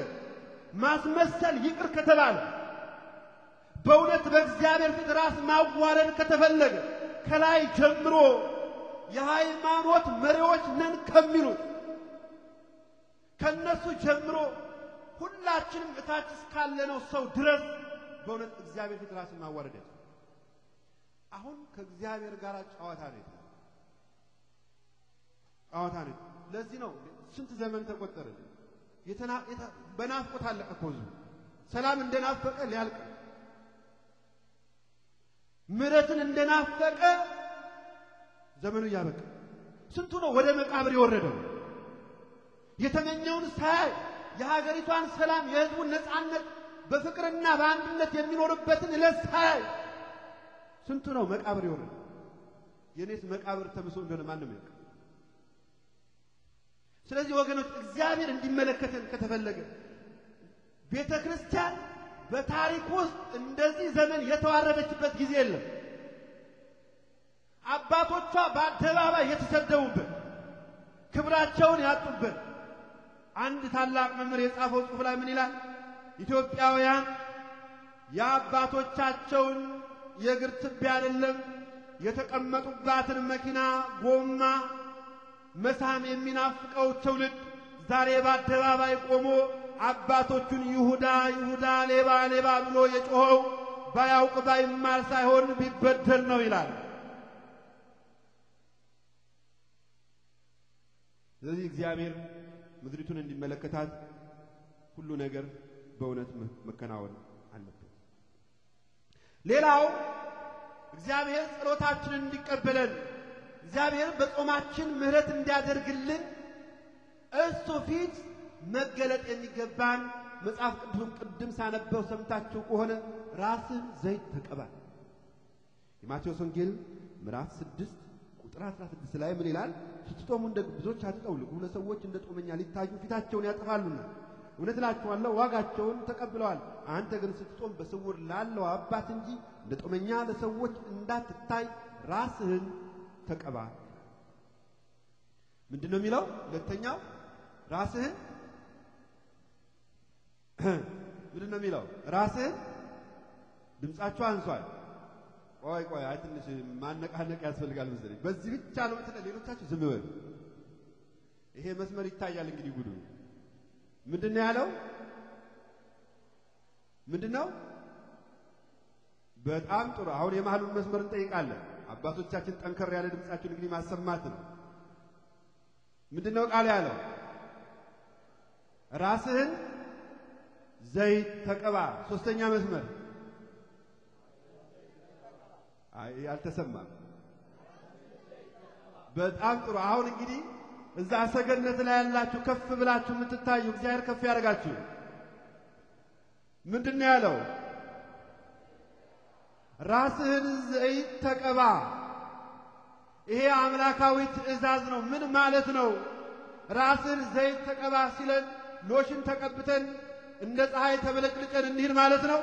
ማስመሰል ይቅር ከተባለ በእውነት በእግዚአብሔር ፊት ራስ ማዋረድ ከተፈለገ ከላይ ጀምሮ የሃይማኖት መሪዎች ነን ከሚሉት ከነሱ ጀምሮ ሁላችንም እታች እስካለነው ሰው ድረስ በእውነት እግዚአብሔር ፊት ራስን ማዋረድ አሁን ከእግዚአብሔር ጋር ጨዋታ ነው ጨዋታ ነው። ለዚህ ነው ስንት ዘመን ተቆጠረ። በናፍቆት አለቀ እኮ ሰላም እንደናፈቀ ሊያልቅ ምረትን እንደናፈቀ ዘመኑ እያበቃ ስንቱ ነው ወደ መቃብር የወረደው የተመኘውን ሳያይ የሀገሪቷን ሰላም የህዝቡን ነፃነት በፍቅርና በአንድነት የሚኖርበትን ዕለት ሳያይ ስንቱ ነው መቃብር የወረደው። የእኔስ መቃብር ተምሶ እንደሆነ ማንም ያውቅ። ስለዚህ ወገኖች እግዚአብሔር እንዲመለከተን ከተፈለገ ቤተ ክርስቲያን በታሪክ ውስጥ እንደዚህ ዘመን የተዋረደችበት ጊዜ የለም። አባቶቿ በአደባባይ የተሰደቡበት፣ ክብራቸውን ያጡበት። አንድ ታላቅ መምህር የጻፈው ጽሑፍ ላይ ምን ይላል? ኢትዮጵያውያን የአባቶቻቸውን የእግር ትቢያ አይደለም የተቀመጡባትን መኪና ጎማ መሳም የሚናፍቀው ትውልድ ዛሬ በአደባባይ ቆሞ አባቶቹን ይሁዳ ይሁዳ ሌባ ሌባ ብሎ የጮኸው ባያውቅ ባይማር ሳይሆን ቢበደል ነው ይላል። ስለዚህ እግዚአብሔር ምድሪቱን እንዲመለከታት ሁሉ ነገር በእውነት መከናወን አለበት። ሌላው እግዚአብሔር ጸሎታችንን እንዲቀበለን እግዚአብሔር በጾማችን ምሕረት እንዲያደርግልን እሱ ፊት መገለጥ የሚገባን መጽሐፍ ቅዱስም ቅድም ሳነበው ሰምታችሁ ከሆነ ራስን ዘይት ተቀባ። የማቴዎስ ወንጌል ምዕራፍ 6 ቁጥር 16 ላይ ምን ይላል? ስትጦሙ እንደ ግብዞች ልቁ ለሰዎች እንደ ጦመኛ ሊታዩ ፊታቸውን ያጠፋሉና እውነት እላችኋለሁ ዋጋቸውን ተቀብለዋል። አንተ ግን ስትጦም በስውር ላለው አባት እንጂ እንደ ጦመኛ ለሰዎች እንዳትታይ ራስህን ተቀባ። ምንድን ነው የሚለው? ሁለተኛው ራስህን ምንድን ነው የሚለው? ራስህን ድምጻችሁ አንሷል። ቆይ ቆይ፣ አይ ትንሽ ማነቃነቅ ያስፈልጋል መሰለኝ። በዚህ ብቻ ነው ምትለ፣ ሌሎቻችሁ ዝም በሉ። ይሄ መስመር ይታያል እንግዲህ ጉዱ ምንድን ነው ያለው? ምንድን ነው? በጣም ጥሩ። አሁን የመሀሉን መስመር እንጠይቃለን። አባቶቻችን ጠንከር ያለ ድምጻችሁን እንግዲህ ማሰማት ነው። ምንድን ነው ቃል ያለው? ራስህን ዘይት ተቀባ። ሶስተኛ መስመር አይ አልተሰማም። በጣም ጥሩ። አሁን እንግዲህ እዛ ሰገነት ላይ ያላችሁ ከፍ ብላችሁ የምትታዩ እግዚአብሔር ከፍ ያደርጋችሁ። ምንድነው ነው ያለው? ራስህን ዘይት ተቀባ። ይሄ አምላካዊ ትእዛዝ ነው። ምን ማለት ነው? ራስህን ዘይት ተቀባ ሲለን ሎሽን ተቀብተን እንደ ፀሐይ ተበለቅልቀን እንሂድ ማለት ነው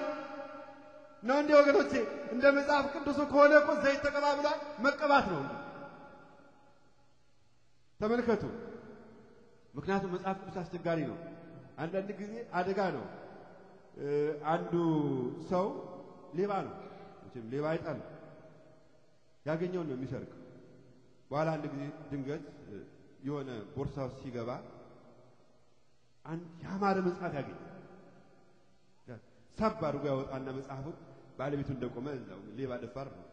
ነው እንዴ ወገኖቼ? እንደ መጽሐፍ ቅዱሱ ከሆነ እኮ ዘይት ተቀባብሏል መቀባት ነው። ተመልከቱ። ምክንያቱም መጽሐፍ ቅዱስ አስቸጋሪ ነው። አንዳንድ ጊዜ አደጋ ነው። አንዱ ሰው ሌባ ነው። እቺም ሌባ አይጣል ያገኘውን ነው የሚሰርቅ። በኋላ አንድ ጊዜ ድንገት የሆነ ቦርሳ ሲገባ አንድ ያማረ መጽሐፍ ያገኘ ሳብ አድርጎ ያወጣና መጽሐፉን ባለቤቱ እንደቆመ እዛው ሌባ ደፋር ነው።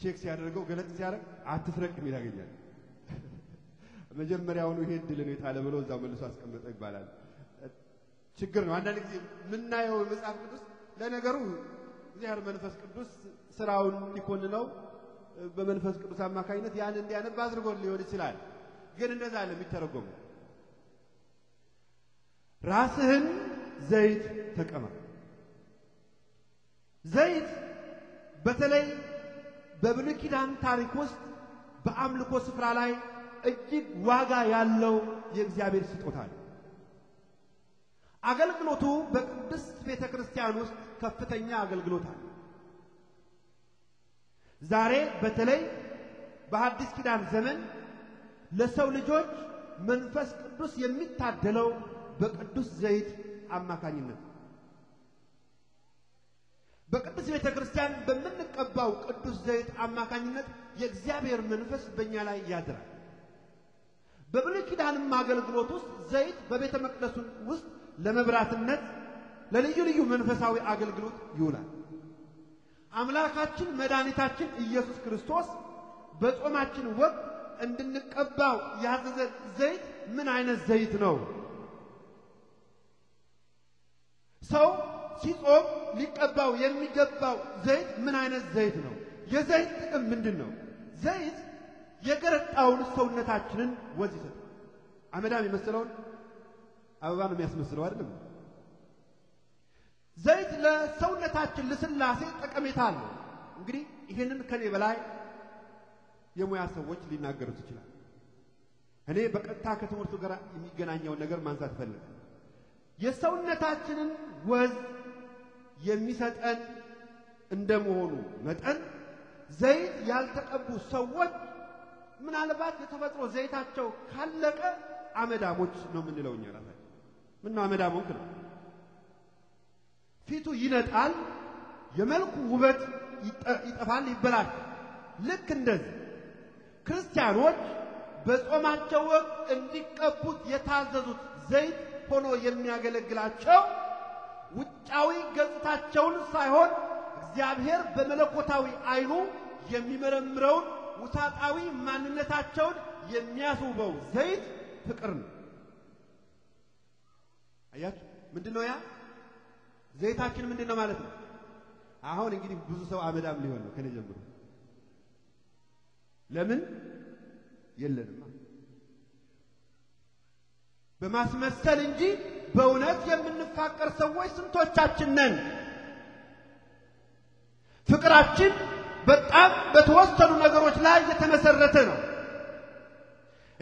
ቼክ ሲያደርገው ገለጥ ሲያደርግ አትስረቅ የሚል ያገኛል። መጀመሪያውኑ ይሄ እድል ነው የታለ ብሎ እዛው መልሶ አስቀመጠ ይባላል። ችግር ነው። አንዳንድ ጊዜ የምናየው መጽሐፍ ቅዱስ ለነገሩ እግዚአብሔር መንፈስ ቅዱስ ስራውን እንዲኮንነው በመንፈስ ቅዱስ አማካኝነት ያን እንዲያነብ አድርጎ ሊሆን ይችላል። ግን እንደዛ አለ የሚተረጎመው ራስህን ዘይት ተቀማ ዘይት በተለይ በብሉይ ኪዳን ታሪክ ውስጥ በአምልኮ ስፍራ ላይ እጅግ ዋጋ ያለው የእግዚአብሔር ስጦታ ነው። አገልግሎቱ በቅድስት ቤተ ክርስቲያን ውስጥ ከፍተኛ አገልግሎት አለ። ዛሬ በተለይ በአዲስ ኪዳን ዘመን ለሰው ልጆች መንፈስ ቅዱስ የሚታደለው በቅዱስ ዘይት አማካኝነት በቅዱስ ቤተ ክርስቲያን በምንቀባው ቅዱስ ዘይት አማካኝነት የእግዚአብሔር መንፈስ በእኛ ላይ ያድራል። በብሉይ ኪዳንም አገልግሎት ውስጥ ዘይት በቤተ መቅደሱ ውስጥ ለመብራትነት፣ ለልዩ ልዩ መንፈሳዊ አገልግሎት ይውላል። አምላካችን መድኃኒታችን ኢየሱስ ክርስቶስ በጾማችን ወቅት እንድንቀባው ያዘዘ ዘይት ምን አይነት ዘይት ነው? ሰው ሲጾም ሊቀባው የሚገባው ዘይት ምን አይነት ዘይት ነው? የዘይት ጥቅም ምንድን ነው? ዘይት የገረጣውን ሰውነታችንን ወዝ ይሰጣል። አመዳም የመሰለውን አበባ ነው የሚያስመስለው አይደለም። ዘይት ለሰውነታችን ልስላሴ ጠቀሜታ አለው። እንግዲህ ይህንን ከኔ በላይ የሙያ ሰዎች ሊናገሩት ይችላል። እኔ በቀጥታ ከትምህርቱ ጋር የሚገናኘውን ነገር ማንሳት እፈልጋለሁ። የሰውነታችንን ወዝ የሚሰጠን እንደመሆኑ መጠን ዘይት ያልተቀቡ ሰዎች ምናልባት የተፈጥሮ ዘይታቸው ካለቀ አመዳሞች ነው የምንለው እኛ ራሳችን። ምነው አመዳም ሆንክ ነው። ፊቱ ይነጣል፣ የመልኩ ውበት ይጠፋል፣ ይበላል። ልክ እንደዚህ ክርስቲያኖች በጾማቸው ወቅት እንዲቀቡት የታዘዙት ዘይት ሆኖ የሚያገለግላቸው ውጫዊ ገጽታቸውን ሳይሆን እግዚአብሔር በመለኮታዊ ዓይኑ የሚመረምረውን ውሳጣዊ ማንነታቸውን የሚያስውበው ዘይት ፍቅር ነው። አያችሁ፣ ምንድን ነው ያ ዘይታችን? ምንድን ነው ማለት ነው? አሁን እንግዲህ ብዙ ሰው አመዳም ሊሆን ነው ከኔ ጀምሮ። ለምን የለንም በማስመሰል እንጂ በእውነት የምንፋቀር ሰዎች ስንቶቻችን ነን? ፍቅራችን በጣም በተወሰኑ ነገሮች ላይ የተመሰረተ ነው።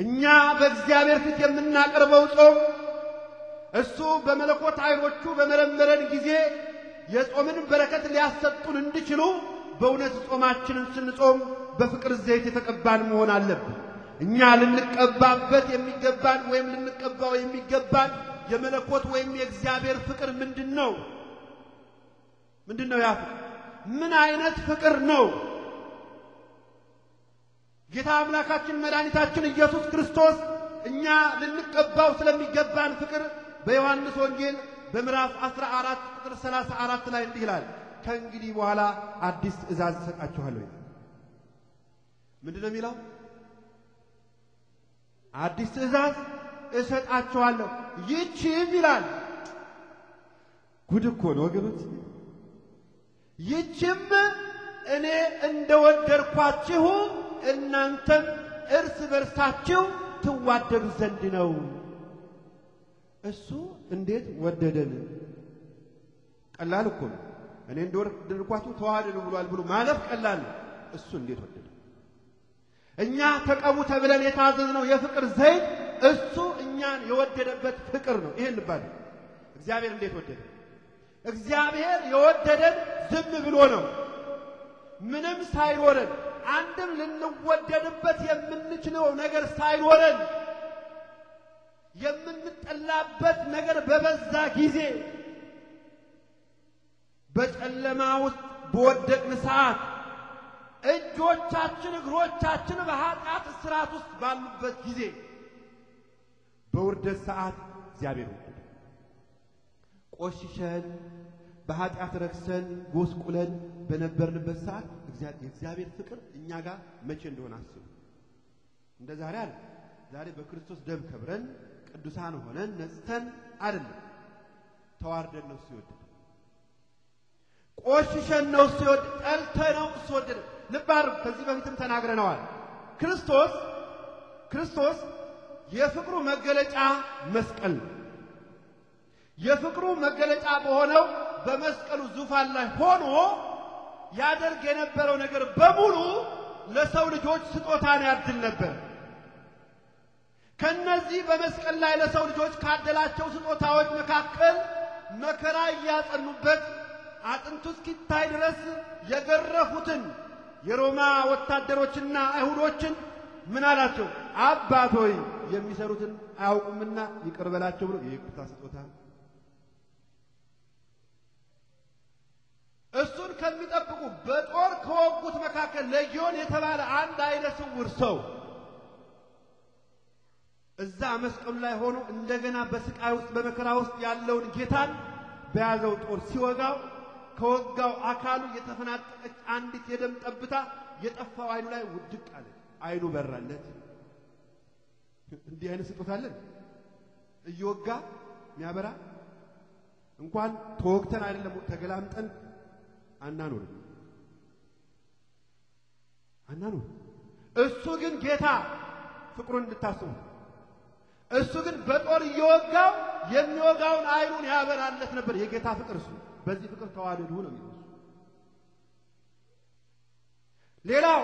እኛ በእግዚአብሔር ፊት የምናቀርበው ጾም እሱ በመለኮት ዓይኖቹ በመረመረን ጊዜ የጾምን በረከት ሊያሰጡን እንዲችሉ በእውነት ጾማችንን ስንጾም በፍቅር ዘይት የተቀባን መሆን አለብን። እኛ ልንቀባበት የሚገባን ወይም ልንቀባው የሚገባን የመለኮት ወይም የእግዚአብሔር ፍቅር ምንድን ነው? ምንድን ነው ያ ፍቅር? ምን አይነት ፍቅር ነው? ጌታ አምላካችን መድኃኒታችን ኢየሱስ ክርስቶስ እኛ ልንቀባው ስለሚገባን ፍቅር በዮሐንስ ወንጌል በምዕራፍ 14 ቁጥር 34 ላይ እንዲህ ይላል፣ ከእንግዲህ በኋላ አዲስ ትእዛዝ እሰጣችኋለሁ። ምንድን ነው የሚለው? አዲስ ትእዛዝ እሰጣቸዋለሁ። ይቺም ይላል ጉድ እኮ ነው ወገኖች፣ ይቺም እኔ ወደድኳችሁ እናንተም እርስ በርሳችሁ ትዋደዱ ዘንድ ነው። እሱ እንዴት ወደደን? ቀላል እኮ ነው። እኔ እንደወደድኳችሁ ተዋደዱ ብሏል ብሎ ማለፍ ቀላል ነው። እሱ እንዴት ወደደ? እኛ ተቀቡ ተብለን የታዘዝነው የፍቅር ዘይት እሱ እኛን የወደደበት ፍቅር ነው። ይሄን ልባል እግዚአብሔር እንዴት ወደደ? እግዚአብሔር የወደደን ዝም ብሎ ነው፣ ምንም ሳይኖረን፣ አንድም ልንወደድበት የምንችለው ነገር ሳይኖረን፣ የምንጠላበት ነገር በበዛ ጊዜ፣ በጨለማ ውስጥ በወደቅን ሰዓት፣ እጆቻችን እግሮቻችን በኃጢአት እስራት ውስጥ ባሉበት ጊዜ በውርደት ሰዓት እግዚአብሔር ወደደ። ቆሽሸን በኃጢአት ረክሰን ጎስቁለን በነበርንበት ሰዓት የእግዚአብሔር ፍቅር እኛ ጋር መቼ እንደሆነ አስቡ። እንደ ዛሬ አለ ዛሬ በክርስቶስ ደም ከብረን ቅዱሳን ሆነን ነጽተን አይደለም። ተዋርደን ነው እሱ የወደደን። ቆሽሸን ነው እሱ የወደደን። ነው እሱ የወደደን። ልብ አድርጉ። ከዚህ በፊትም ተናግረነዋል። ክርስቶስ ክርስቶስ የፍቅሩ መገለጫ መስቀል ነው። የፍቅሩ መገለጫ በሆነው በመስቀሉ ዙፋን ላይ ሆኖ ያደርግ የነበረው ነገር በሙሉ ለሰው ልጆች ስጦታን ያድል ነበር። ከነዚህ በመስቀል ላይ ለሰው ልጆች ካደላቸው ስጦታዎች መካከል መከራ እያጸኑበት አጥንቱ እስኪታይ ድረስ የገረፉትን የሮማ ወታደሮችና አይሁዶችን ምን አላቸው? አባት ሆይ የሚሰሩትን አያውቁምና ይቅር በላቸው ብሎ የይቅርታ ስጦታ እሱን ከሚጠብቁ በጦር ከወጉት መካከል ለጊዮን የተባለ አንድ አይነ ስውር ሰው እዛ መስቀሉ ላይ ሆኖ እንደገና በስቃይ ውስጥ በመከራ ውስጥ ያለውን ጌታን በያዘው ጦር ሲወጋው ከወጋው አካሉ የተፈናጠቀች አንዲት የደም ጠብታ የጠፋው አይኑ ላይ ውድቅ አለ። አይኑ በራለት። እንዲህ አይነት ስጦታ አለን? እየወጋ የሚያበራ እንኳን ተወግተን አይደለም ተገላምጠን አናኖርም አናኖርም። እሱ ግን ጌታ ፍቅሩን እንድታስቡ እሱ ግን በጦር እየወጋው የሚወጋውን አይኑን ያበራለት ነበር። የጌታ ፍቅር እሱ በዚህ ፍቅር ተዋደዱ ነው የሚለው ሌላው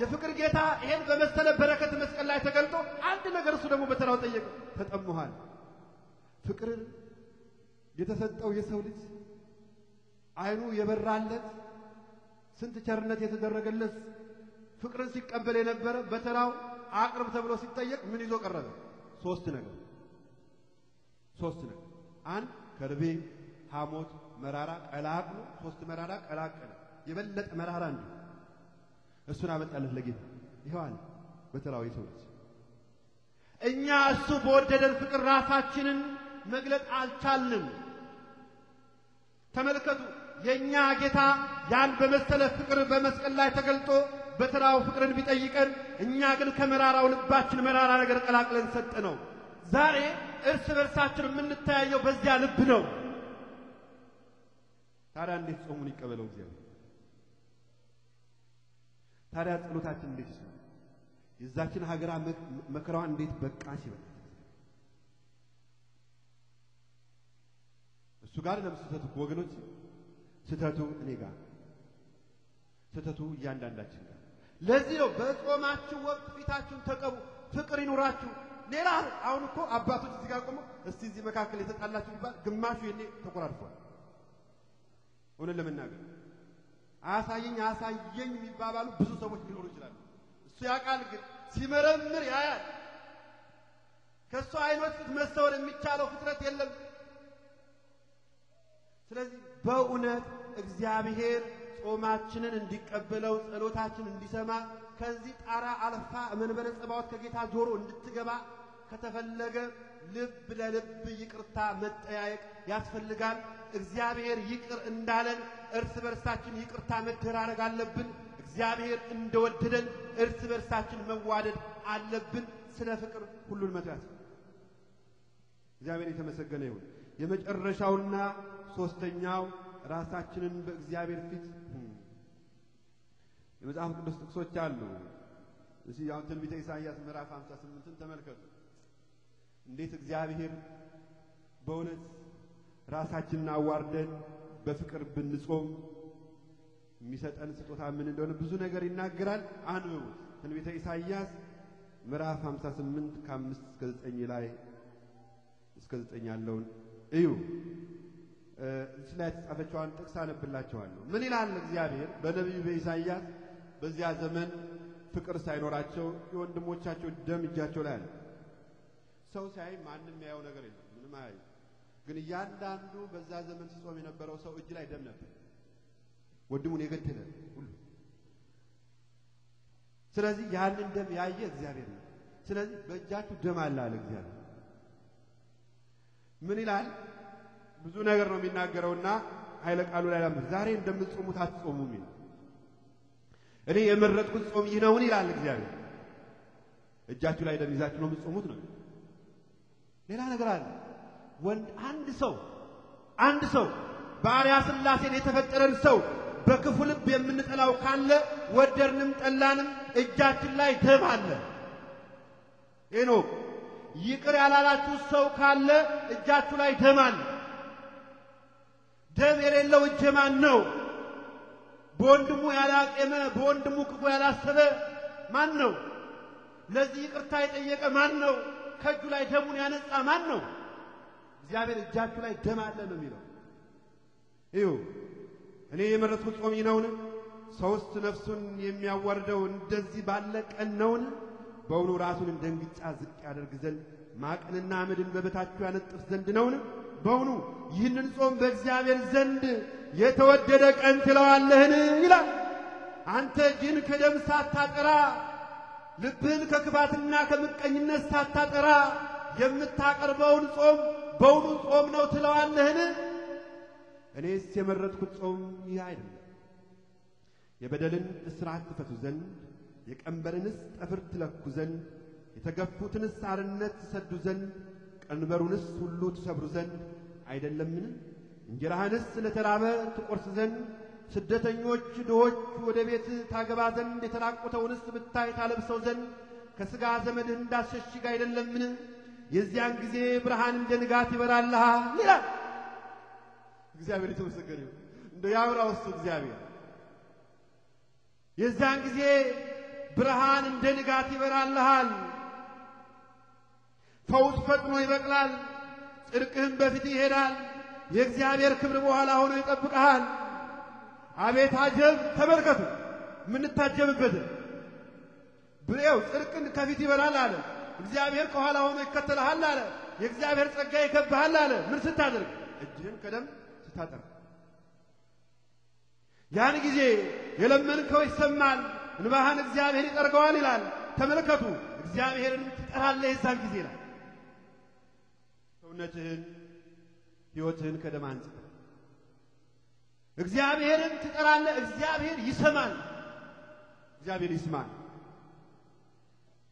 የፍቅር ጌታ ይሄን በመሰለ በረከት መስቀል ላይ ተገልጦ አንድ ነገር እሱ ደግሞ በተራው ጠየቀ። ተጠምኋል። ፍቅር የተሰጠው የሰው ልጅ አይኑ የበራለት ስንት ቸርነት የተደረገለት ፍቅርን ሲቀበል የነበረ በተራው አቅርብ ተብሎ ሲጠየቅ ምን ይዞ ቀረበ? ሶስት ነገር ሶስት ነገር። አንድ ከርቤ፣ ሐሞት፣ መራራ ቀላቅሎ ሶስት መራራ ቀላቀለ። የበለጠ መራራ እንዲሁ እሱን አመጣለት ለጌታ ይኸው አለ በተራዊ ሰዎች እኛ እሱ በወደደን ፍቅር ራሳችንን መግለጥ አልቻልንም። ተመልከቱ የእኛ ጌታ ያን በመሰለ ፍቅር በመስቀል ላይ ተገልጦ በተራው ፍቅርን ቢጠይቀን እኛ ግን ከመራራው ልባችን መራራ ነገር ቀላቅለን ሰጠ ነው። ዛሬ እርስ በርሳችን የምንተያየው በዚያ ልብ ነው። ታዲያ እንዴት ጾሙን ይቀበለው እግዚአብሔር? ታዲያ ጸሎታችን እንዴት ይችላል? የዛችን ሀገራ መከራዋ እንዴት በቃሽ ይበል። እሱ ጋር ለምን ስህተቱ ወገኖች፣ ስህተቱ እኔ ጋር፣ ስህተቱ እያንዳንዳችን ጋር። ለዚህ ነው በጾማችሁ ወቅት ፊታችሁን ተቀቡ፣ ፍቅር ይኑራችሁ። ሌላ አሁን እኮ አባቶች እዚህ ጋር ቆመው እስቲ እዚህ መካከል የተጣላችሁ ይባል፣ ግማሹ የኔ ተቆራርፏል። እውነት ለመናገር አሳየኝ አሳየኝ የሚባባሉ ብዙ ሰዎች ሊኖሩ ይችላሉ። እሱ ያውቃል፣ ግን ሲመረምር ያያል። ከእሱ አይኖች መሰወር የሚቻለው ፍጥረት የለም። ስለዚህ በእውነት እግዚአብሔር ጾማችንን እንዲቀበለው ጸሎታችን እንዲሰማ ከዚህ ጣራ አልፋ መንበረ ጸባዖት ከጌታ ጆሮ እንድትገባ ከተፈለገ ልብ ለልብ ይቅርታ መጠያየቅ ያስፈልጋል። እግዚአብሔር ይቅር እንዳለን እርስ በርሳችን ይቅርታ መደራረግ አለብን። እግዚአብሔር እንደወደደን እርስ በርሳችን መዋደድ አለብን። ስለ ፍቅር ሁሉን መጥራት። እግዚአብሔር የተመሰገነ ይሁን። የመጨረሻውና ሶስተኛው ራሳችንን በእግዚአብሔር ፊት የመጽሐፍ ቅዱስ ጥቅሶች አሉ። እስቲ አሁን ትንቢተ ኢሳይያስ ምዕራፍ 58ን ተመልከቱ። እንዴት እግዚአብሔር በእውነት ራሳችንን አዋርደን በፍቅር ብንጾም የሚሰጠን ስጦታ ምን እንደሆነ ብዙ ነገር ይናገራል። አንብቡ ትንቢተ ኢሳይያስ ምዕራፍ 58 ከ5 እስከ 9 ላይ እስከ 9 ያለውን እዩ። እዚህ ላይ የተጻፈችዋን ጥቅስ አነብላችኋለሁ። ምን ይላል እግዚአብሔር በነቢዩ በኢሳይያስ በዚያ ዘመን ፍቅር ሳይኖራቸው የወንድሞቻቸው ደም እጃቸው ላይ አለ ሰው ሲያይ ማንም ያየው ነገር የለም፣ ምንም አያዩ። ግን እያንዳንዱ በዛ ዘመን ሲጾም የነበረው ሰው እጅ ላይ ደም ነበር፣ ወንድሙን የገደለ ሁሉ። ስለዚህ ያንን ደም ያየ እግዚአብሔር ነው። ስለዚህ በእጃችሁ ደም አለ አለ እግዚአብሔር። ምን ይላል? ብዙ ነገር ነው የሚናገረውና ኃይለ ቃሉ ላይ ላም ዛሬ እንደምትጾሙት አትጾሙም ይላል። እኔ የመረጥኩት ጾም ይህ ነውን ይላል እግዚአብሔር። እጃችሁ ላይ ደም ይዛችሁ ነው የምትጾሙት ነው ሌላ ነገር አለ። ወንድ አንድ ሰው አንድ ሰው ባሪያ ሥላሴን የተፈጠረን ሰው በክፉ ልብ የምንጠላው ካለ ወደርንም ጠላንም እጃችን ላይ ደም አለ። ሄኖክ ይቅር ያላላችሁ ሰው ካለ እጃችሁ ላይ ደም አለ። ደም የሌለው እጀ ማን ነው? በወንድሙ ያላቄመ በወንድሙ ክፉ ያላሰበ ማን ነው? ለዚህ ይቅርታ የጠየቀ ማን ነው? ከእጁ ላይ ደሙን ያነጻ ማን ነው? እግዚአብሔር እጃችሁ ላይ ደም አለ ነው የሚለው። እዩ እኔ የመረጥኩት ጾም ነውን? ሰውስ ነፍሱን የሚያዋርደው እንደዚህ ባለ ቀን ነውን? በውኑ ራሱን እንደ እንግጫ ዝቅ ያደርግ ዘንድ ማቅንና አመድን በበታችሁ ያነጥፍ ዘንድ ነውን? በውኑ ይህንን ጾም በእግዚአብሔር ዘንድ የተወደደ ቀን ትለዋለህን? ይላል አንተ እጅህን ከደም ሳታጠራ ልብን ከክፋትና ከምቀኝነት ሳታጠራ የምታቀርበውን ጾም በውኑ ጾም ነው ትለዋለህን? እኔስ የመረጥኩት ጾም ይህ አይደለም፤ የበደልን እስራት ትፈቱ ዘንድ፣ የቀንበርንስ ጠፍር ትለኩ ዘንድ፣ የተገፉትንስ አርነት ትሰዱ ዘንድ፣ ቀንበሩንስ ሁሉ ትሰብሩ ዘንድ አይደለምን? እንጀራህንስ ለተራበ ትቆርስ ዘንድ ስደተኞች ድሆች ወደ ቤት ታገባ ዘንድ የተራቆተውንስ ብታይ ታለብሰው ዘንድ ከሥጋ ዘመድህ እንዳሸሽግ አይደለምን? የዚያን ጊዜ ብርሃን እንደ ንጋት ይበራልሃል ይላል። እግዚአብሔር የተመሰገነ ይሁን። እንደ ያብራ ውስጡ እግዚአብሔር የዚያን ጊዜ ብርሃን እንደ ንጋት ይበራልሃል። ፈውስ ፈጥኖ ይበቅላል። ጽድቅህም በፊት ይሄዳል። የእግዚአብሔር ክብር በኋላ ሆኖ ይጠብቀሃል። አቤት አጀብ ተመልከቱ የምንታጀብበትን ብሬው ጽድቅን ከፊት ይበላል አለ። እግዚአብሔር ከኋላ ሆኖ ይከተልሃል አለ። የእግዚአብሔር ጸጋ ይከብሃል አለ። ምን ስታደርግ? እጅህን ከደም ስታጠር። ያን ጊዜ የለመንከው ይሰማል፣ እንባህን እግዚአብሔር ይጠርገዋል ይላል። ተመልከቱ፣ እግዚአብሔርን ትጠራለህ የዛን ጊዜ ይላል። ሰውነትህን ሕይወትህን ከደም አንጽ እግዚአብሔርን ትጠራለ፣ እግዚአብሔር ይሰማል። እግዚአብሔር ይስማል።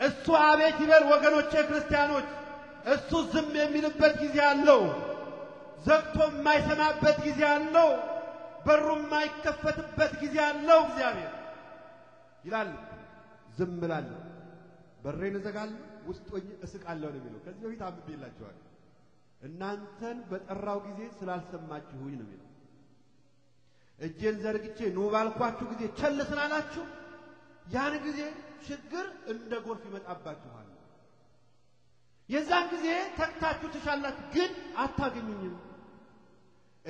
እሱ አቤት ይበል። ወገኖቼ ክርስቲያኖች፣ እሱ ዝም የሚልበት ጊዜ አለው። ዘግቶ የማይሰማበት ጊዜ አለው። በሩ የማይከፈትበት ጊዜ አለው። እግዚአብሔር ይላል፣ ዝም እላለሁ፣ በሬን እዘጋለሁ፣ ውስጥ ሆኜ እስቃለሁ ነው የሚለው። ከዚህ በፊት አንብቤላችኋል። እናንተን በጠራው ጊዜ ስላልሰማችሁኝ ነው የሚለው እጄን ዘርግቼ ኑ ባልኳችሁ ጊዜ ቸል ስላላችሁ ያን ጊዜ ችግር እንደ ጎርፍ ይመጣባችኋል። የዛን ጊዜ ተግታችሁ ትሻላችሁ፣ ግን አታገኙኝም።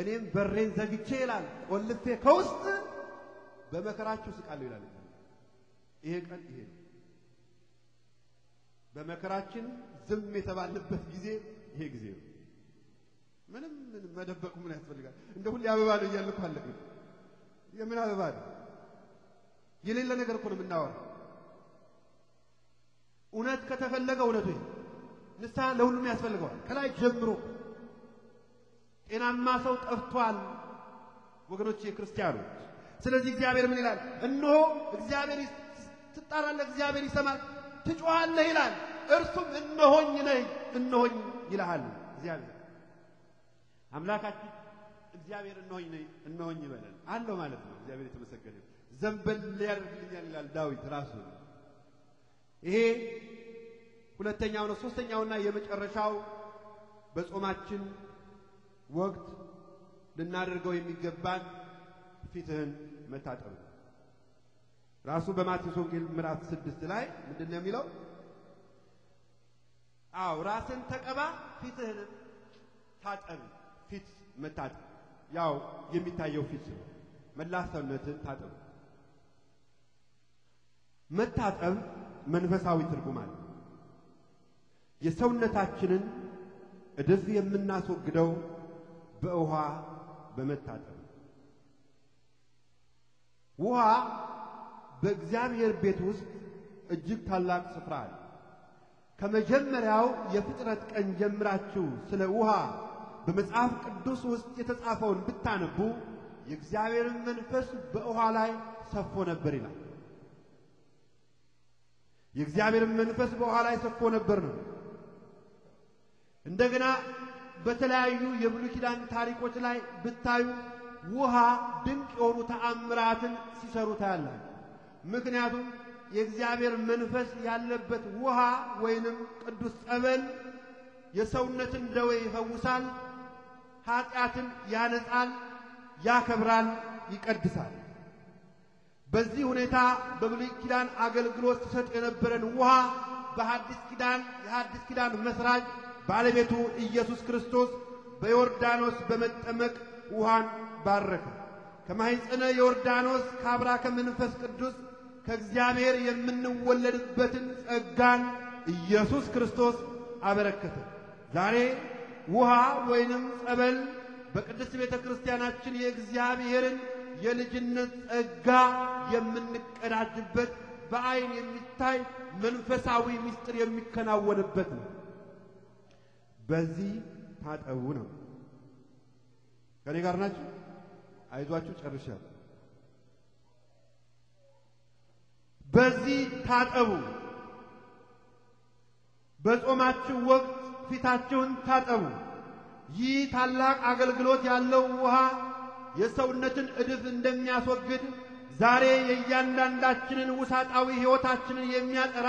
እኔም በሬን ዘግቼ ይላል ቆልፌ ከውስጥ በመከራችሁ ስቃለሁ ይላል። ይሄ ቀን ይሄ ነው። በመከራችን ዝም የተባለበት ጊዜ ይሄ ጊዜ ነው። ምንም ምንም መደበቁ ምን ያስፈልጋል? እንደ ሁሌ አበባ ነው እያልኩ አለብኝ። የምን አበባ ነው? የሌለ ነገር እኮ ነው የምናወራው። እውነት ከተፈለገ እውነቱ ንስሐ ለሁሉም ያስፈልገዋል። ከላይ ጀምሮ ጤናማ ሰው ጠፍቷል ወገኖች የክርስቲያኖች። ስለዚህ እግዚአብሔር ምን ይላል? እነሆ እግዚአብሔር ትጣራለህ፣ እግዚአብሔር ይሰማል፣ ትጮኻለህ ይላል። እርሱም እነሆኝ ነኝ እነሆኝ ይልሃል እግዚአብሔር አምላካችን እግዚአብሔር እነሆኝ እነሆኝ ይበለን አለው ማለት ነው። እግዚአብሔር የተመሰገነ ዘንበል ሊያደርግልኛል ይላል ዳዊት ራሱ። ይሄ ሁለተኛው ነው። ሶስተኛውና የመጨረሻው በጾማችን ወቅት ልናደርገው የሚገባን ፊትህን መታጠብ ነው። ራሱ በማቴዎስ ወንጌል ምዕራፍ ስድስት ላይ ምንድን ነው የሚለው? አው ራስን ተቀባ ፊትህንም ታጠብ። ፊት መታጠብ ያው የሚታየው ፊት ነው። መላ ሰውነትን ታጠብ። መታጠብ መንፈሳዊ ትርጉም አለ። የሰውነታችንን እድፍ የምናስወግደው በውሃ በመታጠብ ውሃ በእግዚአብሔር ቤት ውስጥ እጅግ ታላቅ ስፍራ አለ። ከመጀመሪያው የፍጥረት ቀን ጀምራችሁ ስለ ውሃ በመጽሐፍ ቅዱስ ውስጥ የተጻፈውን ብታነቡ የእግዚአብሔርን መንፈስ በውኃ ላይ ሰፎ ነበር ይላል። የእግዚአብሔርን መንፈስ በውኃ ላይ ሰፎ ነበር ነው። እንደገና በተለያዩ የብሉይ ኪዳን ታሪኮች ላይ ብታዩ ውሃ ድንቅ የሆኑ ተአምራትን ሲሰሩ ታያላችሁ። ምክንያቱም የእግዚአብሔር መንፈስ ያለበት ውሃ ወይንም ቅዱስ ጸበል የሰውነትን ደዌ ይፈውሳል። ኃጢአትን ያነጻል፣ ያከብራል፣ ይቀድሳል። በዚህ ሁኔታ በብሉይ ኪዳን አገልግሎት ሲሰጥ የነበረን ውሃ በሐዲስ ኪዳን የሐዲስ ኪዳን መስራች ባለቤቱ ኢየሱስ ክርስቶስ በዮርዳኖስ በመጠመቅ ውሃን ባረከ። ከማኅፀነ ዮርዳኖስ ካብራ ከመንፈስ ቅዱስ ከእግዚአብሔር የምንወለድበትን ጸጋን ኢየሱስ ክርስቶስ አበረከተ። ዛሬ ውሃ ወይንም ጸበል በቅድስት ቤተ ክርስቲያናችን የእግዚአብሔርን የልጅነት ጸጋ የምንቀዳጅበት በአይን የሚታይ መንፈሳዊ ምስጢር የሚከናወንበት ነው። በዚህ ታጠቡ ነው። ከኔ ጋር ናችሁ? አይዟችሁ፣ ጨርሻለሁ። በዚህ ታጠቡ በጾማችሁ ወቅት ፊታችሁን ታጠቡ። ይህ ታላቅ አገልግሎት ያለው ውሃ የሰውነትን እድፍ እንደሚያስወግድ ዛሬ የእያንዳንዳችንን ውሳጣዊ ሕይወታችንን የሚያጠራ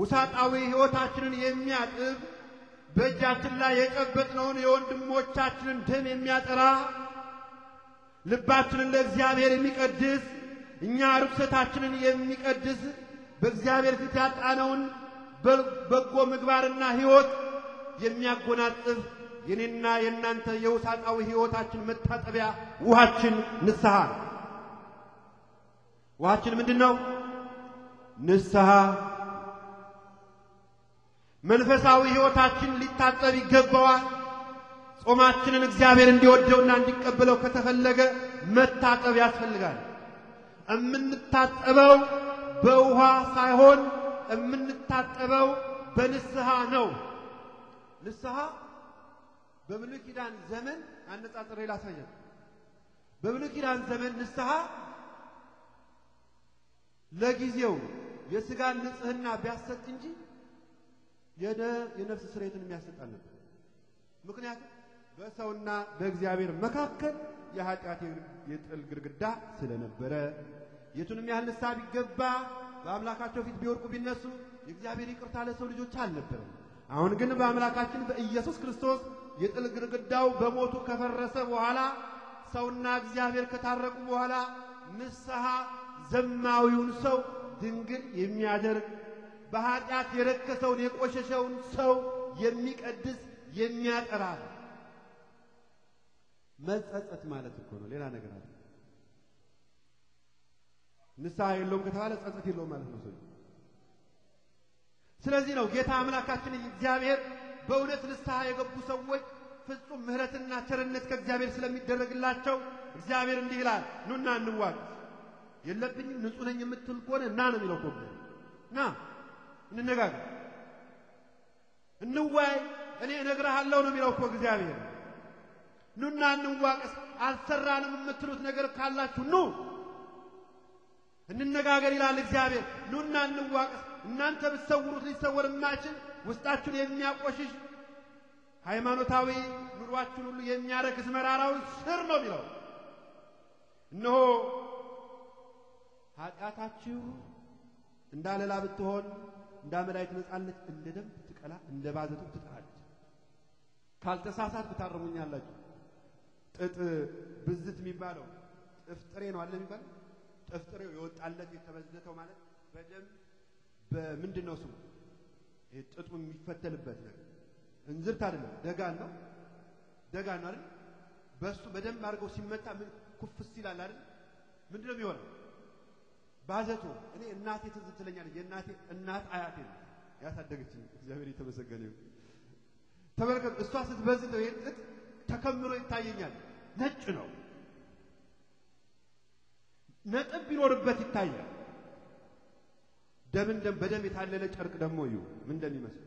ውሳጣዊ ሕይወታችንን የሚያጥብ በእጃችን ላይ የጨበጥነውን የወንድሞቻችንን ደም የሚያጠራ ልባችንን ለእግዚአብሔር የሚቀድስ እኛ ርኩሰታችንን የሚቀድስ በእግዚአብሔር ፊት ያጣነውን በጎ ምግባርና ሕይወት የሚያጎናጽፍ የኔና የእናንተ የውሳጣዊ ሕይወታችን መታጠቢያ ውሃችን ንስሐ ውሃችን ምንድን ነው? ንስሐ። መንፈሳዊ ሕይወታችን ሊታጠብ ይገባዋል። ጾማችንን እግዚአብሔር እንዲወደውና እንዲቀበለው ከተፈለገ መታጠብ ያስፈልጋል። የምንታጠበው በውሃ ሳይሆን የምንታጠበው በንስሐ ነው። ንስሐ በብሉይ ኪዳን ዘመን አነጻጽሬ ላሳያችሁ። በብሉይ ኪዳን ዘመን ንስሐ ለጊዜው የስጋን ንጽህና ቢያሰጥ እንጂ የነፍስ ስሬትን የሚያሰጥ አልነበር። ምክንያቱም በሰውና በእግዚአብሔር መካከል የኃጢአት የጥል ግድግዳ ስለነበረ የቱንም ያህል ንስሐ ቢገባ በአምላካቸው ፊት ቢወርቁ ቢነሱ የእግዚአብሔር ይቅርታ ለሰው ልጆች አልነበረም። አሁን ግን በአምላካችን በኢየሱስ ክርስቶስ የጥል ግድግዳው በሞቱ ከፈረሰ በኋላ ሰውና እግዚአብሔር ከታረቁ በኋላ ንስሐ ዘማዊውን ሰው ድንግል የሚያደርግ በኃጢአት የረከሰውን የቆሸሸውን ሰው የሚቀድስ የሚያጠራ መጸጸት ማለት እኮ ነው። ሌላ ነገር አለ ንስሐ የለውም ከተባለ ጸጸት የለውም ማለት ነው። ሰው። ስለዚህ ነው ጌታ አምላካችን እግዚአብሔር በእውነት ንስሐ የገቡ ሰዎች ፍጹም ምሕረትና ቸርነት ከእግዚአብሔር ስለሚደረግላቸው እግዚአብሔር እንዲህ ይላል፣ ኑና እንዋቅ። የለብኝም ንጹህ ነኝ የምትል ከሆነ እና ነው የሚለው ኮብ ና እንነጋገር፣ እንዋይ፣ እኔ እነግርሃለሁ ነው የሚለው እኮ እግዚአብሔር። ኑና እንዋቅስ አልሰራንም የምትሉት ነገር ካላችሁ ኑ እንነጋገር ይላል እግዚአብሔር። ኑና እንዋቀስ። እናንተ ብትሰውሩት ሊሰወር የማይችል ውስጣችሁን የሚያቆሽሽ ሃይማኖታዊ ኑሯችሁን ሁሉ የሚያረክስ መራራው ስር ነው የሚለው። እነሆ ኃጢአታችሁ እንደ አለላ ብትሆን እንደ አመዳይ ትነጻለች፣ እንደ ደም ብትቀላ እንደ ባዘቱ ትጠራለች። ካልተሳሳት ብታረሙኛላችሁ። ጥጥ ብዝት የሚባለው ጥፍጥሬ ነው አለ የሚባለው ጠፍጥሬው የወጣለት የተበዘተው ማለት በደም በምንድን ነው ስሙ ጥጡ የሚፈተልበት ነገር እንዝርት አይደለም፣ ደጋን ነው። ደጋን አይደል? በሱ በደም አድርገው ሲመታ ምን ኩፍስ ይላል አይደል? ምንድነው ነው የሚሆነው? ባዘቶ እኔ እናቴ ትዝ ትለኛለች። የእናቴ እናት አያቴ ነው ያሳደገችኝ። እግዚአብሔር የተመሰገነ ይሁን። ተመልከቱ፣ እሷ ስትበዝተው ይሄን ጥጥ ተከምሮ ይታየኛል። ነጭ ነው ነጥብ ቢኖርበት ይታያል። ደምን ደም በደም የታለለ ጨርቅ ደግሞ እዩ ምን እንደሚመስል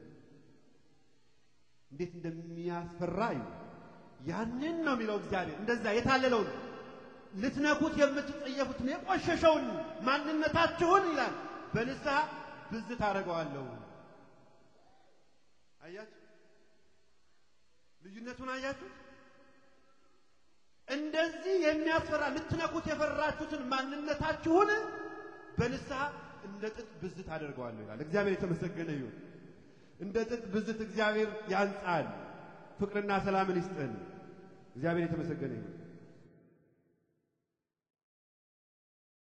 እንዴት እንደሚያስፈራ እዩ። ያንን ነው የሚለው እግዚአብሔር። እንደዛ የታለለውን ልትነኩት የምትጸየፉትን የቆሸሸውን ማንነታችሁን ይላል በንስሐ ብዝ ታደርገዋለሁ አያችሁ ልዩነቱን አያችሁ? እንደዚህ የሚያስፈራ ልትነኩት የፈራችሁትን ማንነታችሁን በንስሐ እንደ ጥጥ ብዝት አደርገዋለሁ ይላል። እግዚአብሔር የተመሰገነ ይሁን። እንደ ጥጥ ብዝት እግዚአብሔር ያንጻል። ፍቅርና ሰላምን ይስጥን። እግዚአብሔር የተመሰገነ ይሁን።